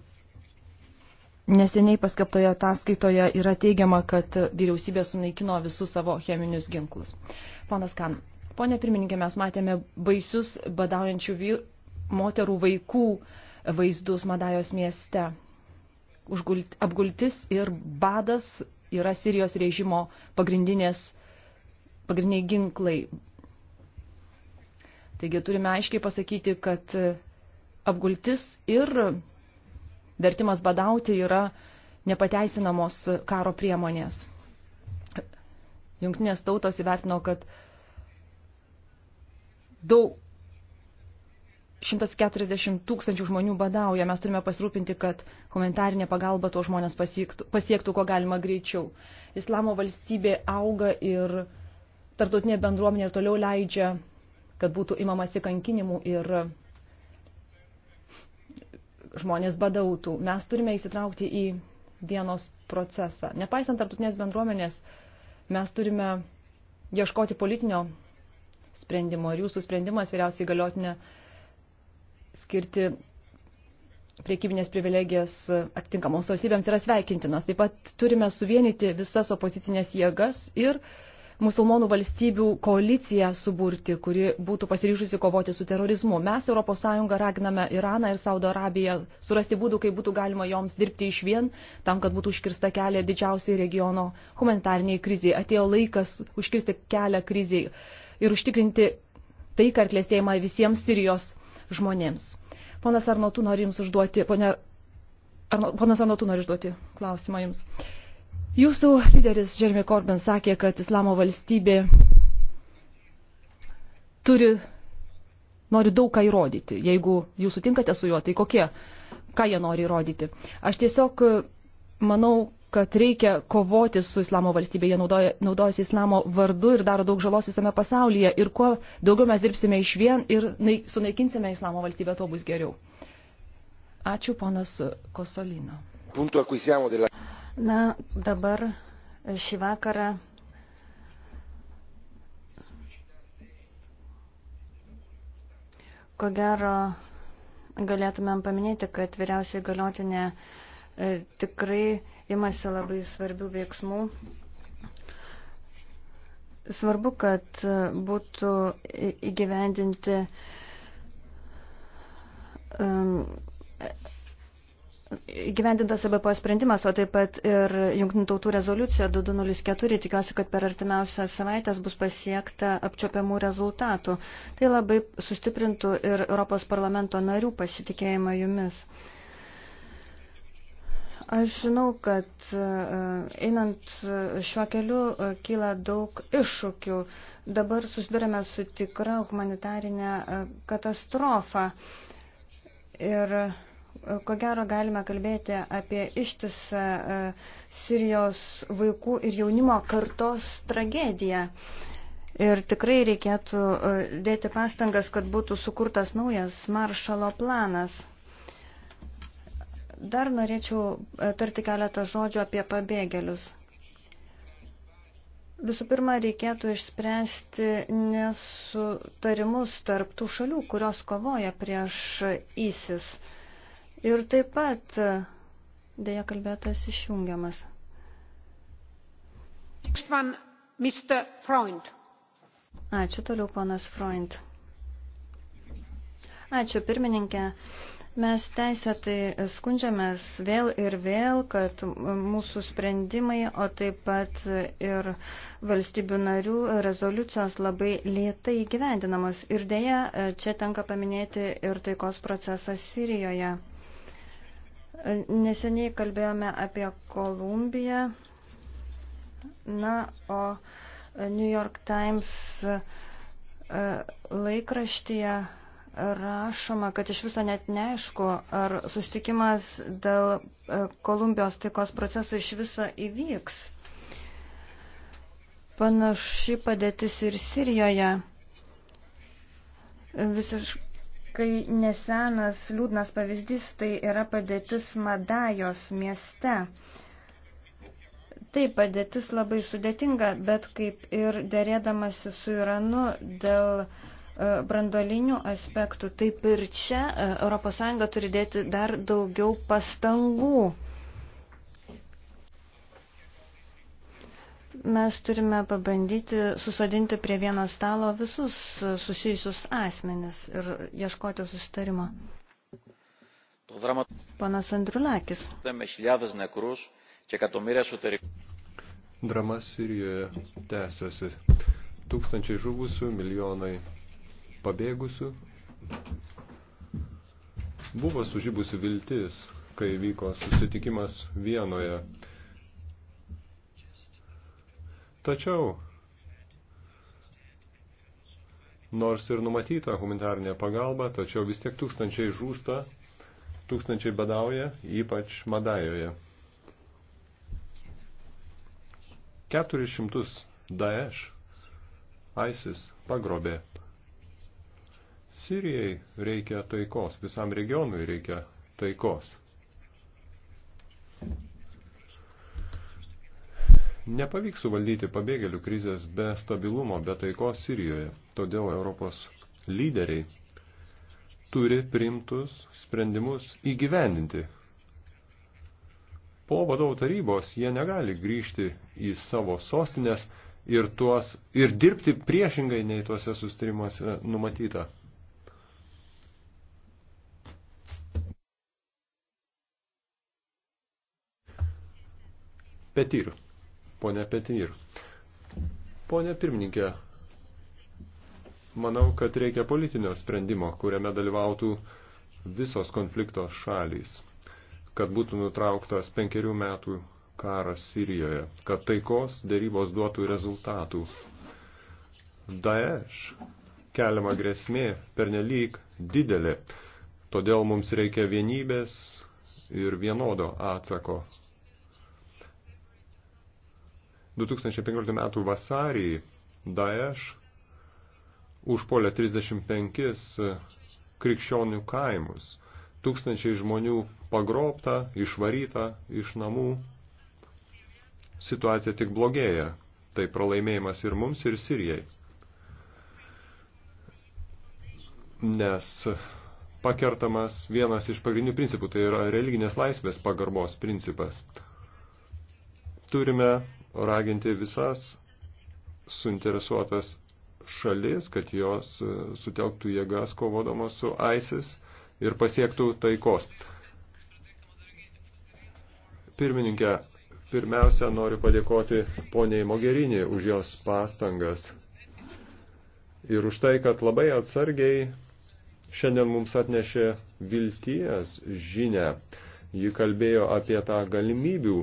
Neseniai paskelbtoje ataskaitoje yra teigiama, kad vyriausybė sunaikino visus savo cheminius ginklus. Ponas Kan, ponė pirmininkė, mes matėme baisius badaujančių vyr, moterų vaikų vaizdus Madajos mieste. Užgult, apgultis ir badas yra Sirijos režimo pagrindinės, pagrindiniai ginklai. Taigi turime aiškiai pasakyti, kad apgultis ir vertimas badauti yra nepateisinamos karo priemonės. Junktinės tautos įvertino, kad daug 140 tūkstančių žmonių badauja. Mes turime pasirūpinti, kad humanitarinė pagalba to žmonės pasiektų, pasiektų ko galima greičiau. Islamo valstybė auga ir tarptautinė bendruomenė ir toliau leidžia, kad būtų imamasi kankinimų ir žmonės badautų. Mes turime įsitraukti į dienos procesą. Nepaisant tarptautinės bendruomenės, mes turime ieškoti politinio sprendimo ir jūsų sprendimas vyriausiai galiotinė skirti priekybinės privilegijas atitinkamoms valstybėms yra sveikintinas. Taip pat turime suvienyti visas opozicinės jėgas ir uh, musulmonų valstybių koaliciją suburti, kuri būtų pasiryžusi kovoti su terorizmu. Mes, ES, raginame Iraną ir Saudo Arabiją surasti būdų, kaip būtų galima joms dirbti iš vien, tam, kad būtų užkirsta kelią didžiausiai regiono humanitarniai kriziai. Atėjo laikas užkirsti kelią kriziai ir užtikrinti taiką ir klėstėjimą visiems Sirijos žmonėms. Ponas Arnotu nori jums užduoti, ponė, Arno, ponas Arnotu nori užduoti klausimą jums. Uh, Jūsų lyderis Jeremy Corbyn sakė, kad islamo valstybė turi, nori daug ką įrodyti. Jeigu jūs sutinkate su juo, tai kokie, ką jie nori įrodyti. Aš tiesiog e, manau, kad reikia kovoti su islamo valstybė, jie naudoja, naudojasi islamo vardu ir daro daug žalos visame pasaulyje. Ir kuo daugiau mes dirbsime iš vien ir naik, sunaikinsime islamo valstybę, tuo bus geriau. Ačiū, ponas Kosolino. Punto, Na, dabar šį vakarą ko gero galėtumėm paminėti, kad vyriausiai galiotinė e, tikrai imasi labai svarbių veiksmų. Svarbu, kad e, būtų įgyvendinti um, gyvendintas ABPO e sprendimas, o taip pat ir Junktinių tautų rezoliucija 2204. Tikiuosi, kad per artimiausias savaitės bus pasiekta apčiopiamų rezultatų. Tai labai sustiprintų ir Europos parlamento narių pasitikėjimą jumis. Aš žinau, kad e, einant šiuo keliu e, kyla daug iššūkių. Dabar susidurėme su tikra humanitarinė katastrofa. Ir Ko gero galime kalbėti apie ištisą e, Sirijos vaikų ir jaunimo kartos tragediją. Ir tikrai reikėtų e, dėti pastangas, kad būtų sukurtas naujas maršalo planas. Dar norėčiau tarti keletą žodžių apie pabėgėlius. Visų pirma, reikėtų išspręsti nesutarimus tarp tų šalių, kurios kovoja prieš ISIS. Ir taip pat dėja kalbėtas išjungiamas. Next one, Mr. Freund. Ačiū toliau, ponas Freund. Ačiū, pirmininkė. Mes teisėtai skundžiamės vėl ir vėl, kad mūsų sprendimai, o taip pat ir valstybių narių rezoliucijos labai lietai gyvendinamos. Ir dėja, čia tenka paminėti ir taikos procesą Sirijoje. Neseniai kalbėjome apie Kolumbiją. Na, o New York Times e, laikraštyje rašoma, kad iš viso net neaišku, ar sustikimas dėl e, Kolumbijos taikos procesų iš viso įvyks. Panaši padėtis ir Sirijoje. Visiškai visiškai nesenas liūdnas pavyzdys tai yra padėtis Madajos mieste. Taip, padėtis labai sudėtinga, bet kaip ir dėrėdamasi su Iranu dėl e, brandolinių aspektų, taip ir čia ES turi dėti dar daugiau pastangų. mes turime pabandyti susodinti prie vieno stalo visus susijusius asmenis ir ieškoti susitarimo. Panas Andriulakis. Drama Sirijoje tęsiasi. Tūkstančiai žuvusių, milijonai pabėgusių. Buvo sužibusi viltis, kai vyko susitikimas Vienoje Tačiau, nors ir numatyta humanitarinė pagalba, tačiau vis tiek tūkstančiai žūsta, tūkstančiai badauja, ypač Madajoje. 400 Daesh ISIS pagrobė. Sirijai reikia taikos, visam regionui reikia taikos. Nepavyks suvaldyti pabėgėlių krizės be stabilumo, be taikos Sirijoje. Todėl Europos lyderiai turi primtus sprendimus įgyvendinti. Po vadovų tarybos jie negali grįžti į savo sostinės ir, tuos, ir dirbti priešingai nei tuose sustarimuose numatyta. Petir ponė Petinir. Pone pirmininkė, manau, kad reikia politinio sprendimo, kuriame dalyvautų visos konflikto šalys, kad būtų nutrauktas penkerių metų karas Sirijoje, kad taikos dėrybos duotų rezultatų. Daesh keliama grėsmė pernelyg didelė, todėl mums reikia vienybės ir vienodo atsako 2015 m. vasarį Daesh užpolė 35 krikščionių kaimus. Tūkstančiai žmonių pagrobta, išvaryta iš namų. Situacija tik blogėja. Tai pralaimėjimas ir mums, ir Sirijai. Nes pakertamas vienas iš pagrindinių principų, tai yra religinės laisvės pagarbos principas. Turime raginti visas suinteresuotas šalis, kad jos e, sutelktų jėgas kovodamos su ISIS ir pasiektų taikos. Pirmininkė, pirmiausia, noriu padėkoti poniai Mogerinį už jos pastangas ir už tai, kad labai atsargiai šiandien mums atnešė vilties žinę. Ji kalbėjo apie tą galimybių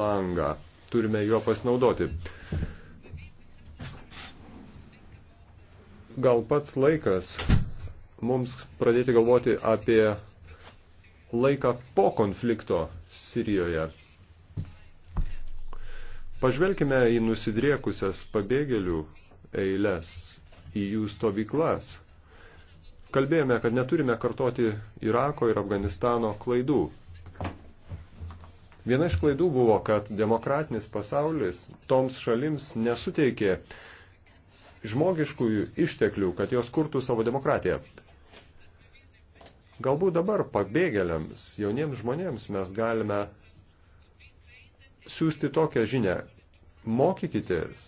langą turime juo pasinaudoti. Gal pats laikas mums pradėti galvoti apie laiką po konflikto Sirijoje. Pažvelkime į nusidriekusias pabėgėlių eiles, į jų stovyklas. Kalbėjome, kad neturime kartoti Irako ir Afganistano klaidų. Viena iš klaidų buvo, kad demokratinis pasaulis toms šalims nesuteikė žmogiškųjų išteklių, kad jos kurtų savo demokratiją. Galbūt dabar pabėgėliams, jauniems žmonėms mes galime siūsti tokią žinę. Mokykitės,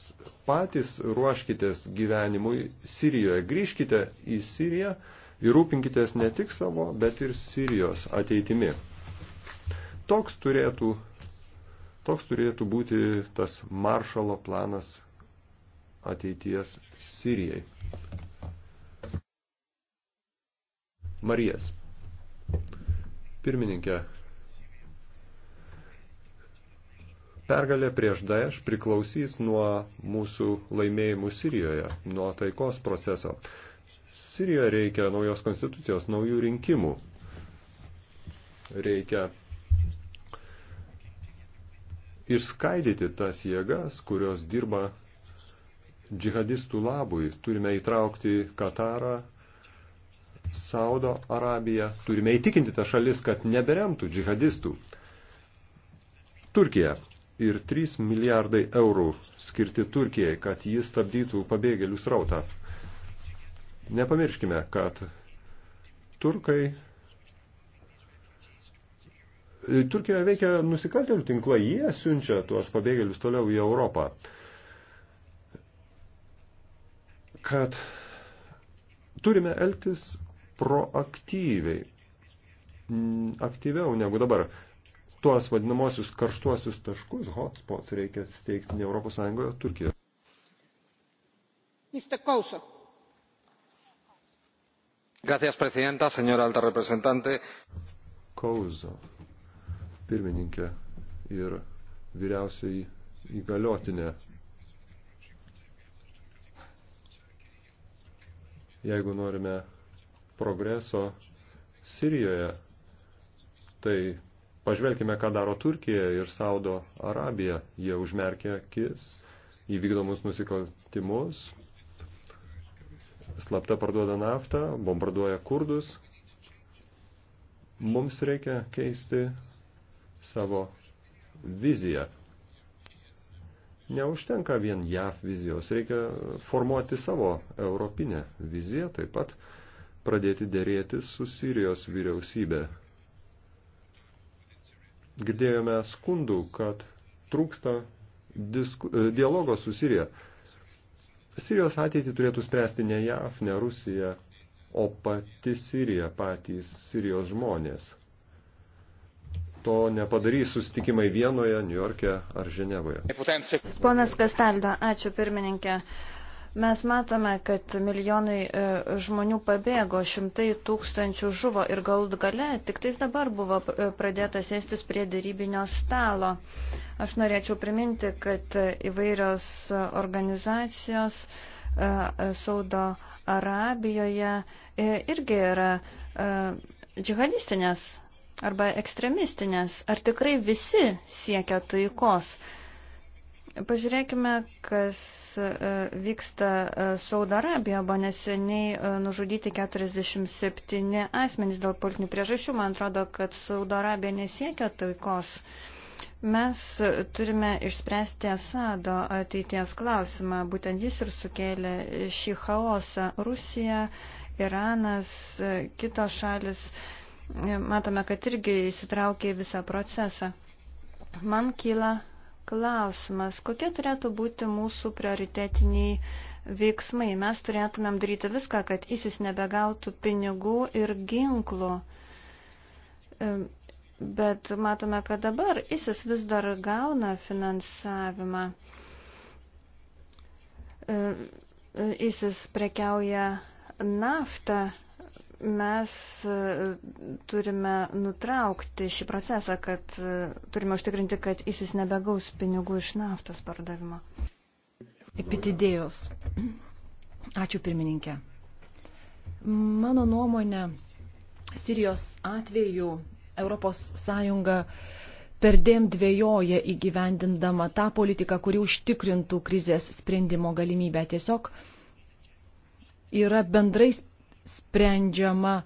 patys ruoškitės gyvenimui Sirijoje. Grįžkite į Siriją ir rūpinkitės ne tik savo, bet ir Sirijos ateitimi. Toks turėtų, toks turėtų būti tas maršalo planas ateities Sirijai. Marijas. Pirmininkė, pergalė prieš Daesh priklausys nuo mūsų laimėjimų Sirijoje, nuo taikos proceso. Sirijoje reikia naujos konstitucijos, naujų rinkimų. Reikia išskaidyti tas jėgas, kurios dirba džihadistų labui. Turime įtraukti Katarą, Saudo Arabiją, turime įtikinti tą šalis, kad neberemtų džihadistų. Turkija ir 3 milijardai eurų skirti Turkijai, kad jis stabdytų pabėgėlių srautą. Nepamirškime, kad turkai E, Turkijoje veikia nusikaltelių tinklai, jie siunčia tuos pabėgėlius toliau į Europą. Kad turime elgtis proaktyviai, aktyviau negu dabar. Tuos vadinamosius karštuosius taškus, hotspots, reikia steigti ne Europos Sąjungoje, Turkijoje. Mr. Kouso señora presidenta señora alta representante couso pirmininkę ir vyriausiai įgaliotinę. Jeigu norime progreso Sirijoje, tai pažvelkime, ką daro Turkija ir Saudo Arabija. Jie užmerkia akis įvykdomus nusikaltimus, slapta parduoda naftą, bombarduoja kurdus. Mums reikia keisti savo viziją. Neužtenka vien JAV vizijos, reikia formuoti savo europinę viziją, taip pat pradėti dėrėti su Sirijos vyriausybė. Girdėjome skundų, kad trūksta disku, e, dialogo su Sirija. Sirijos ateitį turėtų spręsti ne JAV, ne Rusija, o pati Sirija, patys Sirijos žmonės to nepadarys sustikimai Vienoje, Niujorke ar Ženevoje. Ponas Kastaldo, ačiū pirmininkė. Mes matome, kad milijonai e, žmonių pabėgo, šimtai tūkstančių žuvo ir galų gale tik tais dabar buvo e, pradėta sėstis prie dėrybinio stalo. Aš norėčiau priminti, kad įvairios organizacijos e, Saudo Arabijoje irgi yra džihadistinės arba ekstremistinės. Ar tikrai visi siekia taikos? Pažiūrėkime, kas e, vyksta e, Saudo Arabija, buvo neseniai e, nužudyti 47 asmenys dėl politinių priežasčių. Man atrodo, kad Saudo Arabija nesiekia taikos. Mes turime išspręsti Asado ateities klausimą. Būtent jis ir sukėlė šį chaosą. Rusija, Iranas, kitos šalis matome, kad irgi įsitraukė į visą procesą. Man kyla klausimas, kokie turėtų būti mūsų prioritetiniai veiksmai. Mes turėtumėm daryti viską, kad ISIS nebegautų pinigų ir ginklų. Bet matome, kad dabar ISIS vis dar gauna finansavimą. ISIS prekiauja naftą mes e, turime nutraukti šį procesą, kad e, turime užtikrinti, kad ISIS nebegaus pinigų iš naftos pardavimo. Epitidėjos. Ačiū pirmininkė. Mano nuomonė, Sirijos atveju ES perdėm dvėjoja įgyvendindama tą politiką, kuri užtikrintų krizės sprendimo galimybę. Tiesiog yra bendrais sprendžiama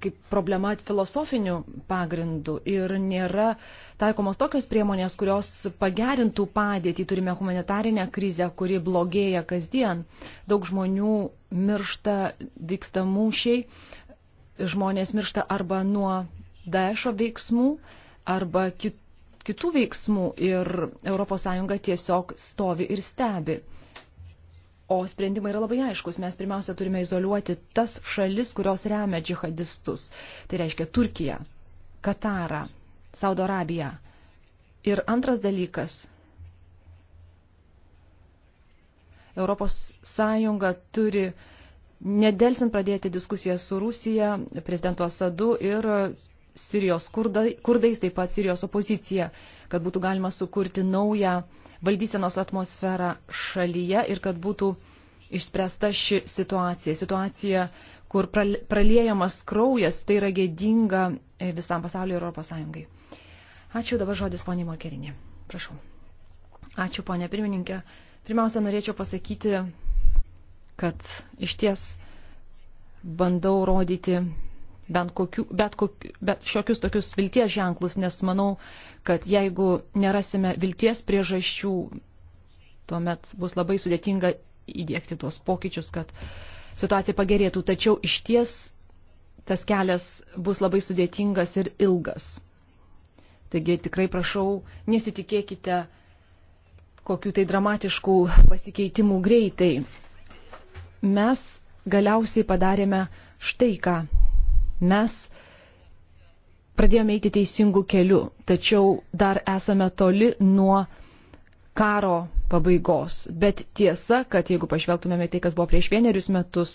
kaip problema filosofiniu pagrindu ir nėra taikomos tokios priemonės, kurios pagerintų padėtį. Turime humanitarinę krizę, kuri blogėja kasdien. Daug žmonių miršta, vyksta mūšiai, žmonės miršta arba nuo Daesho veiksmų, arba kitų veiksmų ir ES tiesiog stovi ir stebi. O sprendimai yra labai aiškus. Mes pirmiausia turime izoliuoti tas šalis, kurios remia džihadistus. Tai reiškia Turkiją, Katarą, Saudo Arabiją. Ir antras dalykas. Europos Sąjunga turi nedelsint pradėti diskusiją su Rusija, prezidentu Asadu ir Sirijos kurdai, kurdais, taip pat Sirijos opozicija, kad būtų galima sukurti naują uh, valdysenos atmosferą šalyje ir kad būtų išspręsta ši situacija. Situacija, kur praliejamas kraujas, tai yra gėdinga e, visam pasauliu ir Europos Sąjungai. Ačiū dabar žodis poniai Morkerinė. Prašau. Ačiū ponė pirmininkė. Pirmiausia, norėčiau pasakyti, kad iš ties bandau rodyti bent, kokių, bet, kokių, bet šiokius tokius vilties ženklus, nes manau, kad jeigu nerasime vilties priežasčių, tuomet bus labai sudėtinga įdėkti tuos pokyčius, kad situacija pagerėtų. Tačiau iš ties tas kelias bus labai sudėtingas ir ilgas. Taigi tikrai prašau, nesitikėkite kokių tai dramatiškų pasikeitimų greitai. Mes galiausiai padarėme štai ką Mes pradėjome eiti teisingų kelių, tačiau dar esame toli nuo karo pabaigos. Bet tiesa, kad jeigu pažvelgtumėme tai, kas buvo prieš vienerius metus,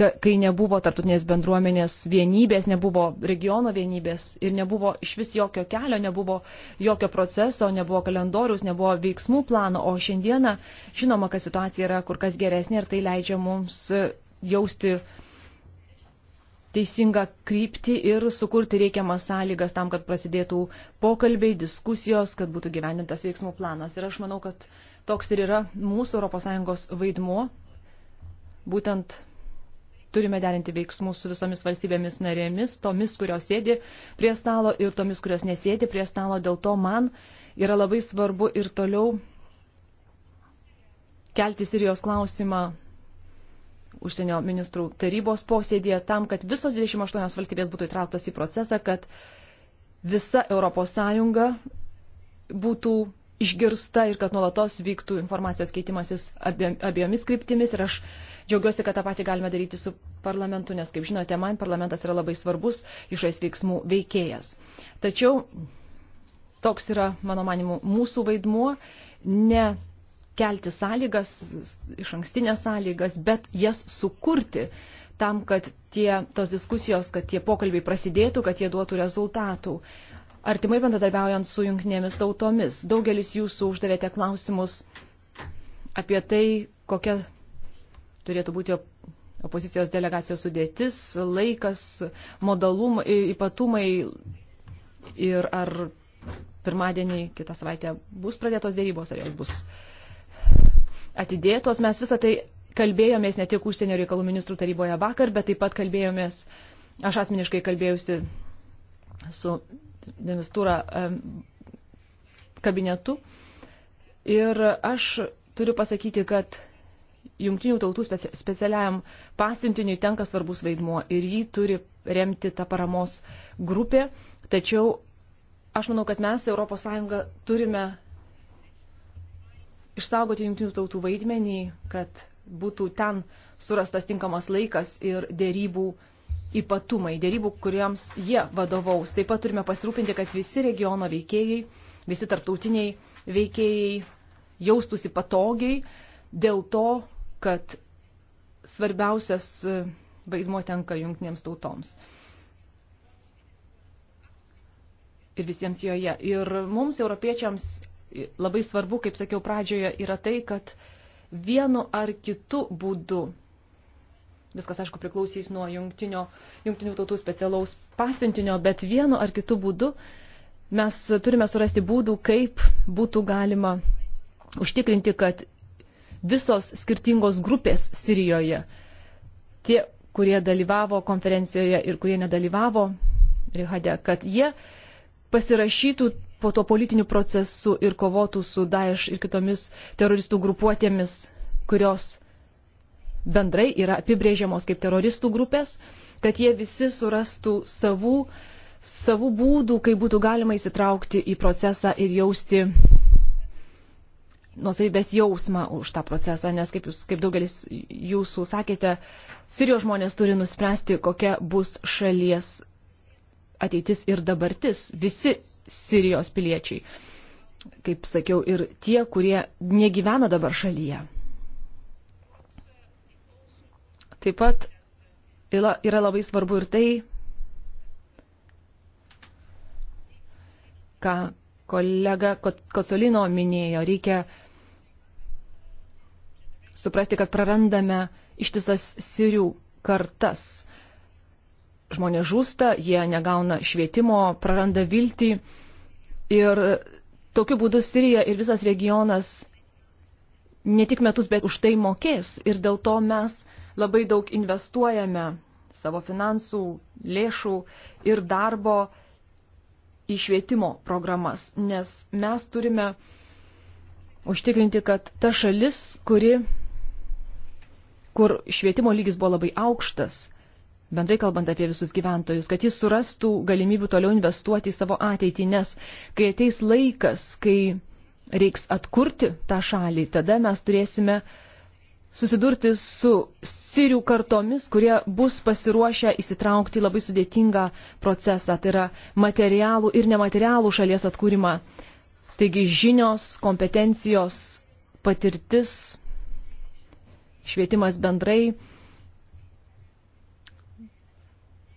kai nebuvo tartutinės bendruomenės vienybės, nebuvo regiono vienybės ir nebuvo iš vis jokio kelio, nebuvo jokio proceso, nebuvo kalendoriaus, nebuvo veiksmų plano, o šiandieną žinoma, kad situacija yra kur kas geresnė ir tai leidžia mums jausti uh, teisingą kryptį ir sukurti reikiamas sąlygas tam, kad prasidėtų pokalbiai, diskusijos, kad būtų gyvenintas veiksmų planas. Ir aš manau, kad toks ir yra mūsų ES vaidmuo. Būtent turime derinti veiksmus su visomis valstybėmis narėmis, tomis, kurios sėdi prie stalo ir tomis, kurios nesėdi prie stalo. Dėl to man yra labai svarbu ir toliau kelti Sirijos klausimą užsienio ministrų tarybos posėdėje tam, kad visos 28 valstybės būtų įtrauktas į procesą, kad visa ES būtų išgirsta ir kad nuolatos vyktų informacijos keitimasis abiejomis kryptimis. Ir aš džiaugiuosi, kad tą patį galime daryti su parlamentu, nes, kaip žinote, man parlamentas yra labai svarbus išorės veiksmų veikėjas. Tačiau toks yra, mano manimu, mūsų vaidmuo, ne kelti sąlygas, iš ankstinės sąlygas, bet jas sukurti tam, kad tie, tos diskusijos, kad tie pokalbiai prasidėtų, kad jie duotų rezultatų. Artimai bendradarbiaujant su jungtinėmis tautomis, daugelis jūsų uždavėte klausimus apie tai, kokia turėtų būti opozicijos delegacijos sudėtis, laikas, modalum, ypatumai ir ar pirmadienį kitą savaitę bus pradėtos dėrybos, ar jos bus atidėtos. Mes visą tai kalbėjomės ne tik užsienio reikalų ministrų taryboje vakar, bet taip pat kalbėjomės, aš asmeniškai kalbėjausi su ministrūra kabinetu. Ir aš turiu pasakyti, kad jungtinių tautų specialiajam pasiuntiniui tenka svarbus vaidmuo ir jį turi remti ta paramos grupė. Tačiau aš manau, kad mes, ES, turime išsaugoti jungtinių tautų vaidmenį, kad būtų ten surastas tinkamas laikas ir dėrybų ypatumai, dėrybų, kuriems jie vadovaus. Taip pat turime pasirūpinti, kad visi regiono veikėjai, visi tarptautiniai veikėjai jaustųsi patogiai dėl to, kad svarbiausias e, vaidmo tenka jungtinėms tautoms. Ir visiems joje. Ir mums, europiečiams, labai svarbu, kaip sakiau pradžioje, yra tai, kad vienu ar kitu būdu viskas, aišku, priklausys nuo jungtinio, jungtinių tautų specialaus pasiuntinio, bet vienu ar kitu būdu mes turime surasti būdų, kaip būtų galima užtikrinti, kad visos skirtingos grupės Sirijoje, tie, kurie dalyvavo konferencijoje ir kurie nedalyvavo Rihade, kad jie pasirašytų po to politiniu procesu ir kovotų su Daesh ir kitomis teroristų grupuotėmis, kurios bendrai yra apibrėžiamos kaip teroristų grupės, kad jie visi surastų savų, savų būdų, kaip būtų galima įsitraukti į procesą ir jausti nuosavybės jausmą už tą procesą, nes kaip, jūs, kaip daugelis jūsų sakėte, Sirijos žmonės turi nuspręsti, kokia bus šalies ateitis ir dabartis. Visi Sirijos piliečiai. Kaip sakiau, ir tie, kurie negyvena dabar šalyje. Taip pat yra labai svarbu ir tai, ką kolega Kocolino minėjo, reikia suprasti, kad prarandame ištisas sirių kartas žmonės žūsta, jie negauna švietimo, praranda viltį. Ir tokiu būdu Sirija ir visas regionas ne tik metus, bet už tai mokės. Ir dėl to mes labai daug investuojame savo finansų, lėšų ir darbo į švietimo programas, nes mes turime užtikrinti, kad ta šalis, kuri, kur švietimo lygis buvo labai aukštas, bendrai kalbant apie visus gyventojus, kad jis surastų galimybių toliau investuoti į savo ateitį, nes kai ateis laikas, kai reiks atkurti tą šalį, tada mes turėsime susidurti su sirių kartomis, kurie bus pasiruošę įsitraukti labai sudėtingą procesą, tai yra materialų ir nematerialų šalies atkūrimą. Taigi žinios, kompetencijos, patirtis, švietimas bendrai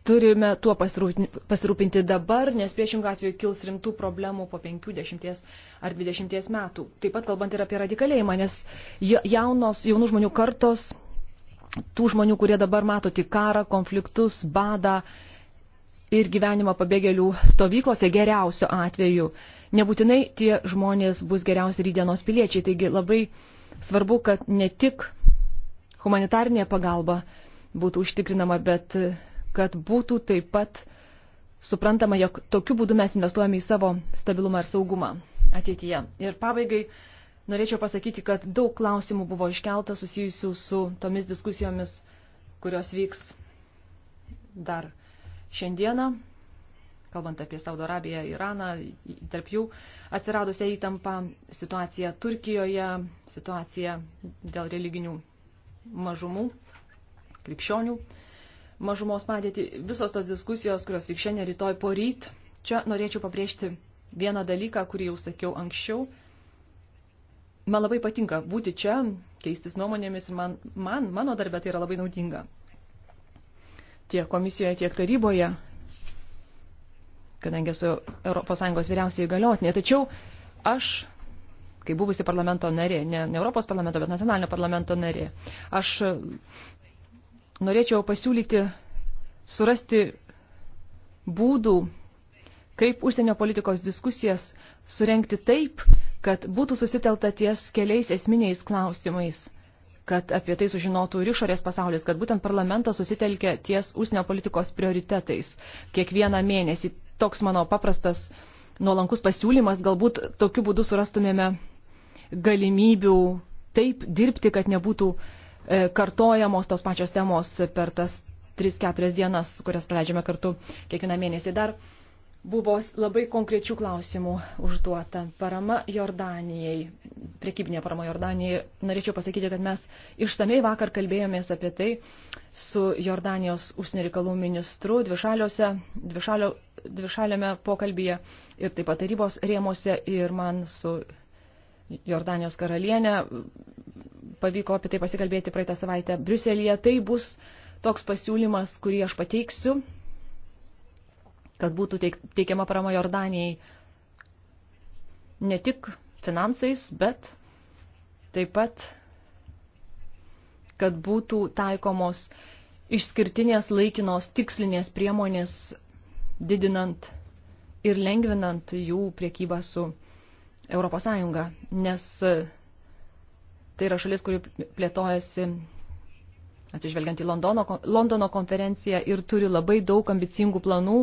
turime tuo pasirūpinti dabar, nes priešingų atveju kils rimtų problemų po 50 ar 20 metų. Taip pat kalbant ir apie radikalėjimą, nes jaunos, jaunų žmonių kartos, tų žmonių, kurie dabar mato tik karą, konfliktus, badą ir gyvenimą pabėgėlių stovyklose geriausio atveju, nebūtinai tie žmonės bus geriausi rydienos piliečiai. Taigi labai svarbu, kad ne tik humanitarnė pagalba būtų užtikrinama, bet kad būtų taip pat suprantama, jog tokiu būdu mes investuojame į savo stabilumą ir saugumą ateityje. Ir pabaigai norėčiau pasakyti, kad daug klausimų buvo iškelta susijusių su tomis diskusijomis, kurios vyks dar šiandieną, kalbant apie Saudo Arabiją, Iraną, tarp jų atsiradusią įtampą, situaciją Turkijoje, situaciją dėl religinių mažumų, krikščionių mažumos padėtį, visos tos diskusijos, kurios vyks šiandien rytoj po ryt, čia norėčiau pabrėžti vieną dalyką, kurį jau sakiau anksčiau. Man labai patinka būti čia, keistis nuomonėmis ir man, man mano darbė tai yra labai naudinga. Tiek komisijoje, tiek taryboje, kadangi esu ES vyriausiai galiotinė. Tačiau aš kai buvusi parlamento narė, ne, ne Europos parlamento, bet nacionalinio parlamento narė. Aš norėčiau pasiūlyti surasti būdų, kaip užsienio politikos diskusijas surenkti taip, kad būtų susitelta ties keliais esminiais klausimais, kad apie tai sužinotų ir išorės pasaulis, kad būtent parlamentas susitelkia ties užsienio politikos prioritetais kiekvieną mėnesį. Toks mano paprastas nuolankus pasiūlymas, galbūt tokiu būdu surastumėme galimybių taip dirbti, kad nebūtų uh, E, kartojamos tos pačios temos per tas 3-4 dienas, kurias praleidžiame kartu kiekvieną mėnesį. Dar buvo labai konkrečių klausimų užduota. Parama Jordanijai, prekybinė parama Jordanijai. Norėčiau pasakyti, kad mes išsamei vakar kalbėjomės apie tai su Jordanijos užsienio reikalų ministru dvišalio, dvišaliame pokalbyje ir taip pat tarybos rėmose ir man su Jordanijos karalienė pavyko apie tai pasikalbėti praeitą savaitę Briuselėje. Tai bus toks pasiūlymas, kurį aš pateiksiu, kad būtų teikiama parama Jordanijai ne tik finansais, bet taip pat, kad būtų taikomos išskirtinės laikinos tikslinės priemonės didinant ir lengvinant jų priekybą su ES, nes Tai yra šalis, kuri plėtojasi atsižvelgiant į Londono, Londono konferenciją ir turi labai daug ambicingų planų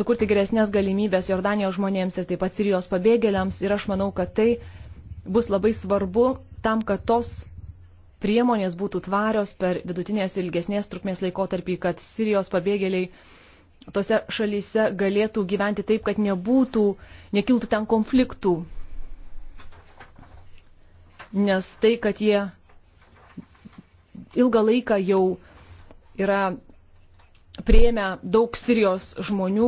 sukurti geresnės galimybės Jordanijos žmonėms ir taip pat Sirijos pabėgėliams. Ir aš manau, kad tai bus labai svarbu tam, kad tos priemonės būtų tvarios per vidutinės ir ilgesnės trukmės laikotarpį, kad Sirijos pabėgėliai tose šalyse galėtų gyventi taip, kad nebūtų, nekiltų ten konfliktų nes tai, kad jie ilgą laiką jau yra prieėmę daug Sirijos žmonių,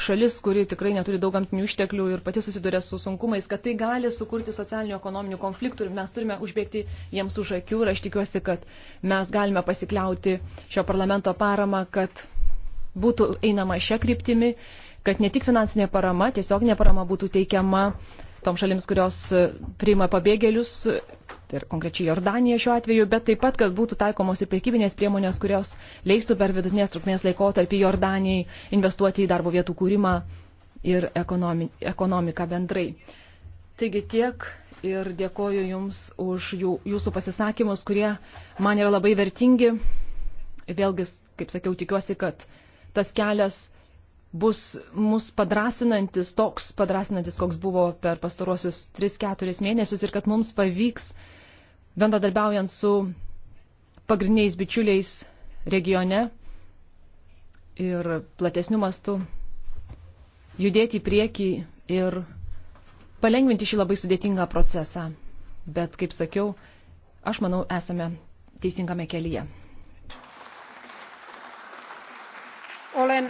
šalis, kuri tikrai neturi daug gamtinių išteklių ir pati susiduria su sunkumais, kad tai gali sukurti socialinių ekonominių konfliktų ir mes turime užbėgti jiems už akių ir aš tikiuosi, kad mes galime pasikliauti šio parlamento paramą, kad būtų einama šią kryptimį, kad ne tik finansinė parama, tiesioginė parama būtų teikiama tom šalims, kurios e, priima pabėgėlius, tai ir konkrečiai Jordanija šiuo atveju, bet taip pat, kad būtų taikomos ir priekybinės priemonės, kurios leistų per vidutinės trukmės laikotarpį Jordanijai investuoti į darbo vietų kūrimą ir ekonomi, ekonomiką bendrai. Taigi tiek ir dėkoju Jums už jų, Jūsų pasisakymus, kurie man yra labai vertingi. Vėlgi, kaip sakiau, tikiuosi, kad tas kelias bus mus padrasinantis, toks padrasinantis, koks buvo per pastaruosius 3-4 mėnesius ir kad mums pavyks, bendradarbiaujant su pagrindiniais bičiuliais regione ir platesniu mastu, judėti į priekį ir palengvinti šį labai sudėtingą procesą. Bet, kaip sakiau, aš manau, esame teisingame kelyje. Olen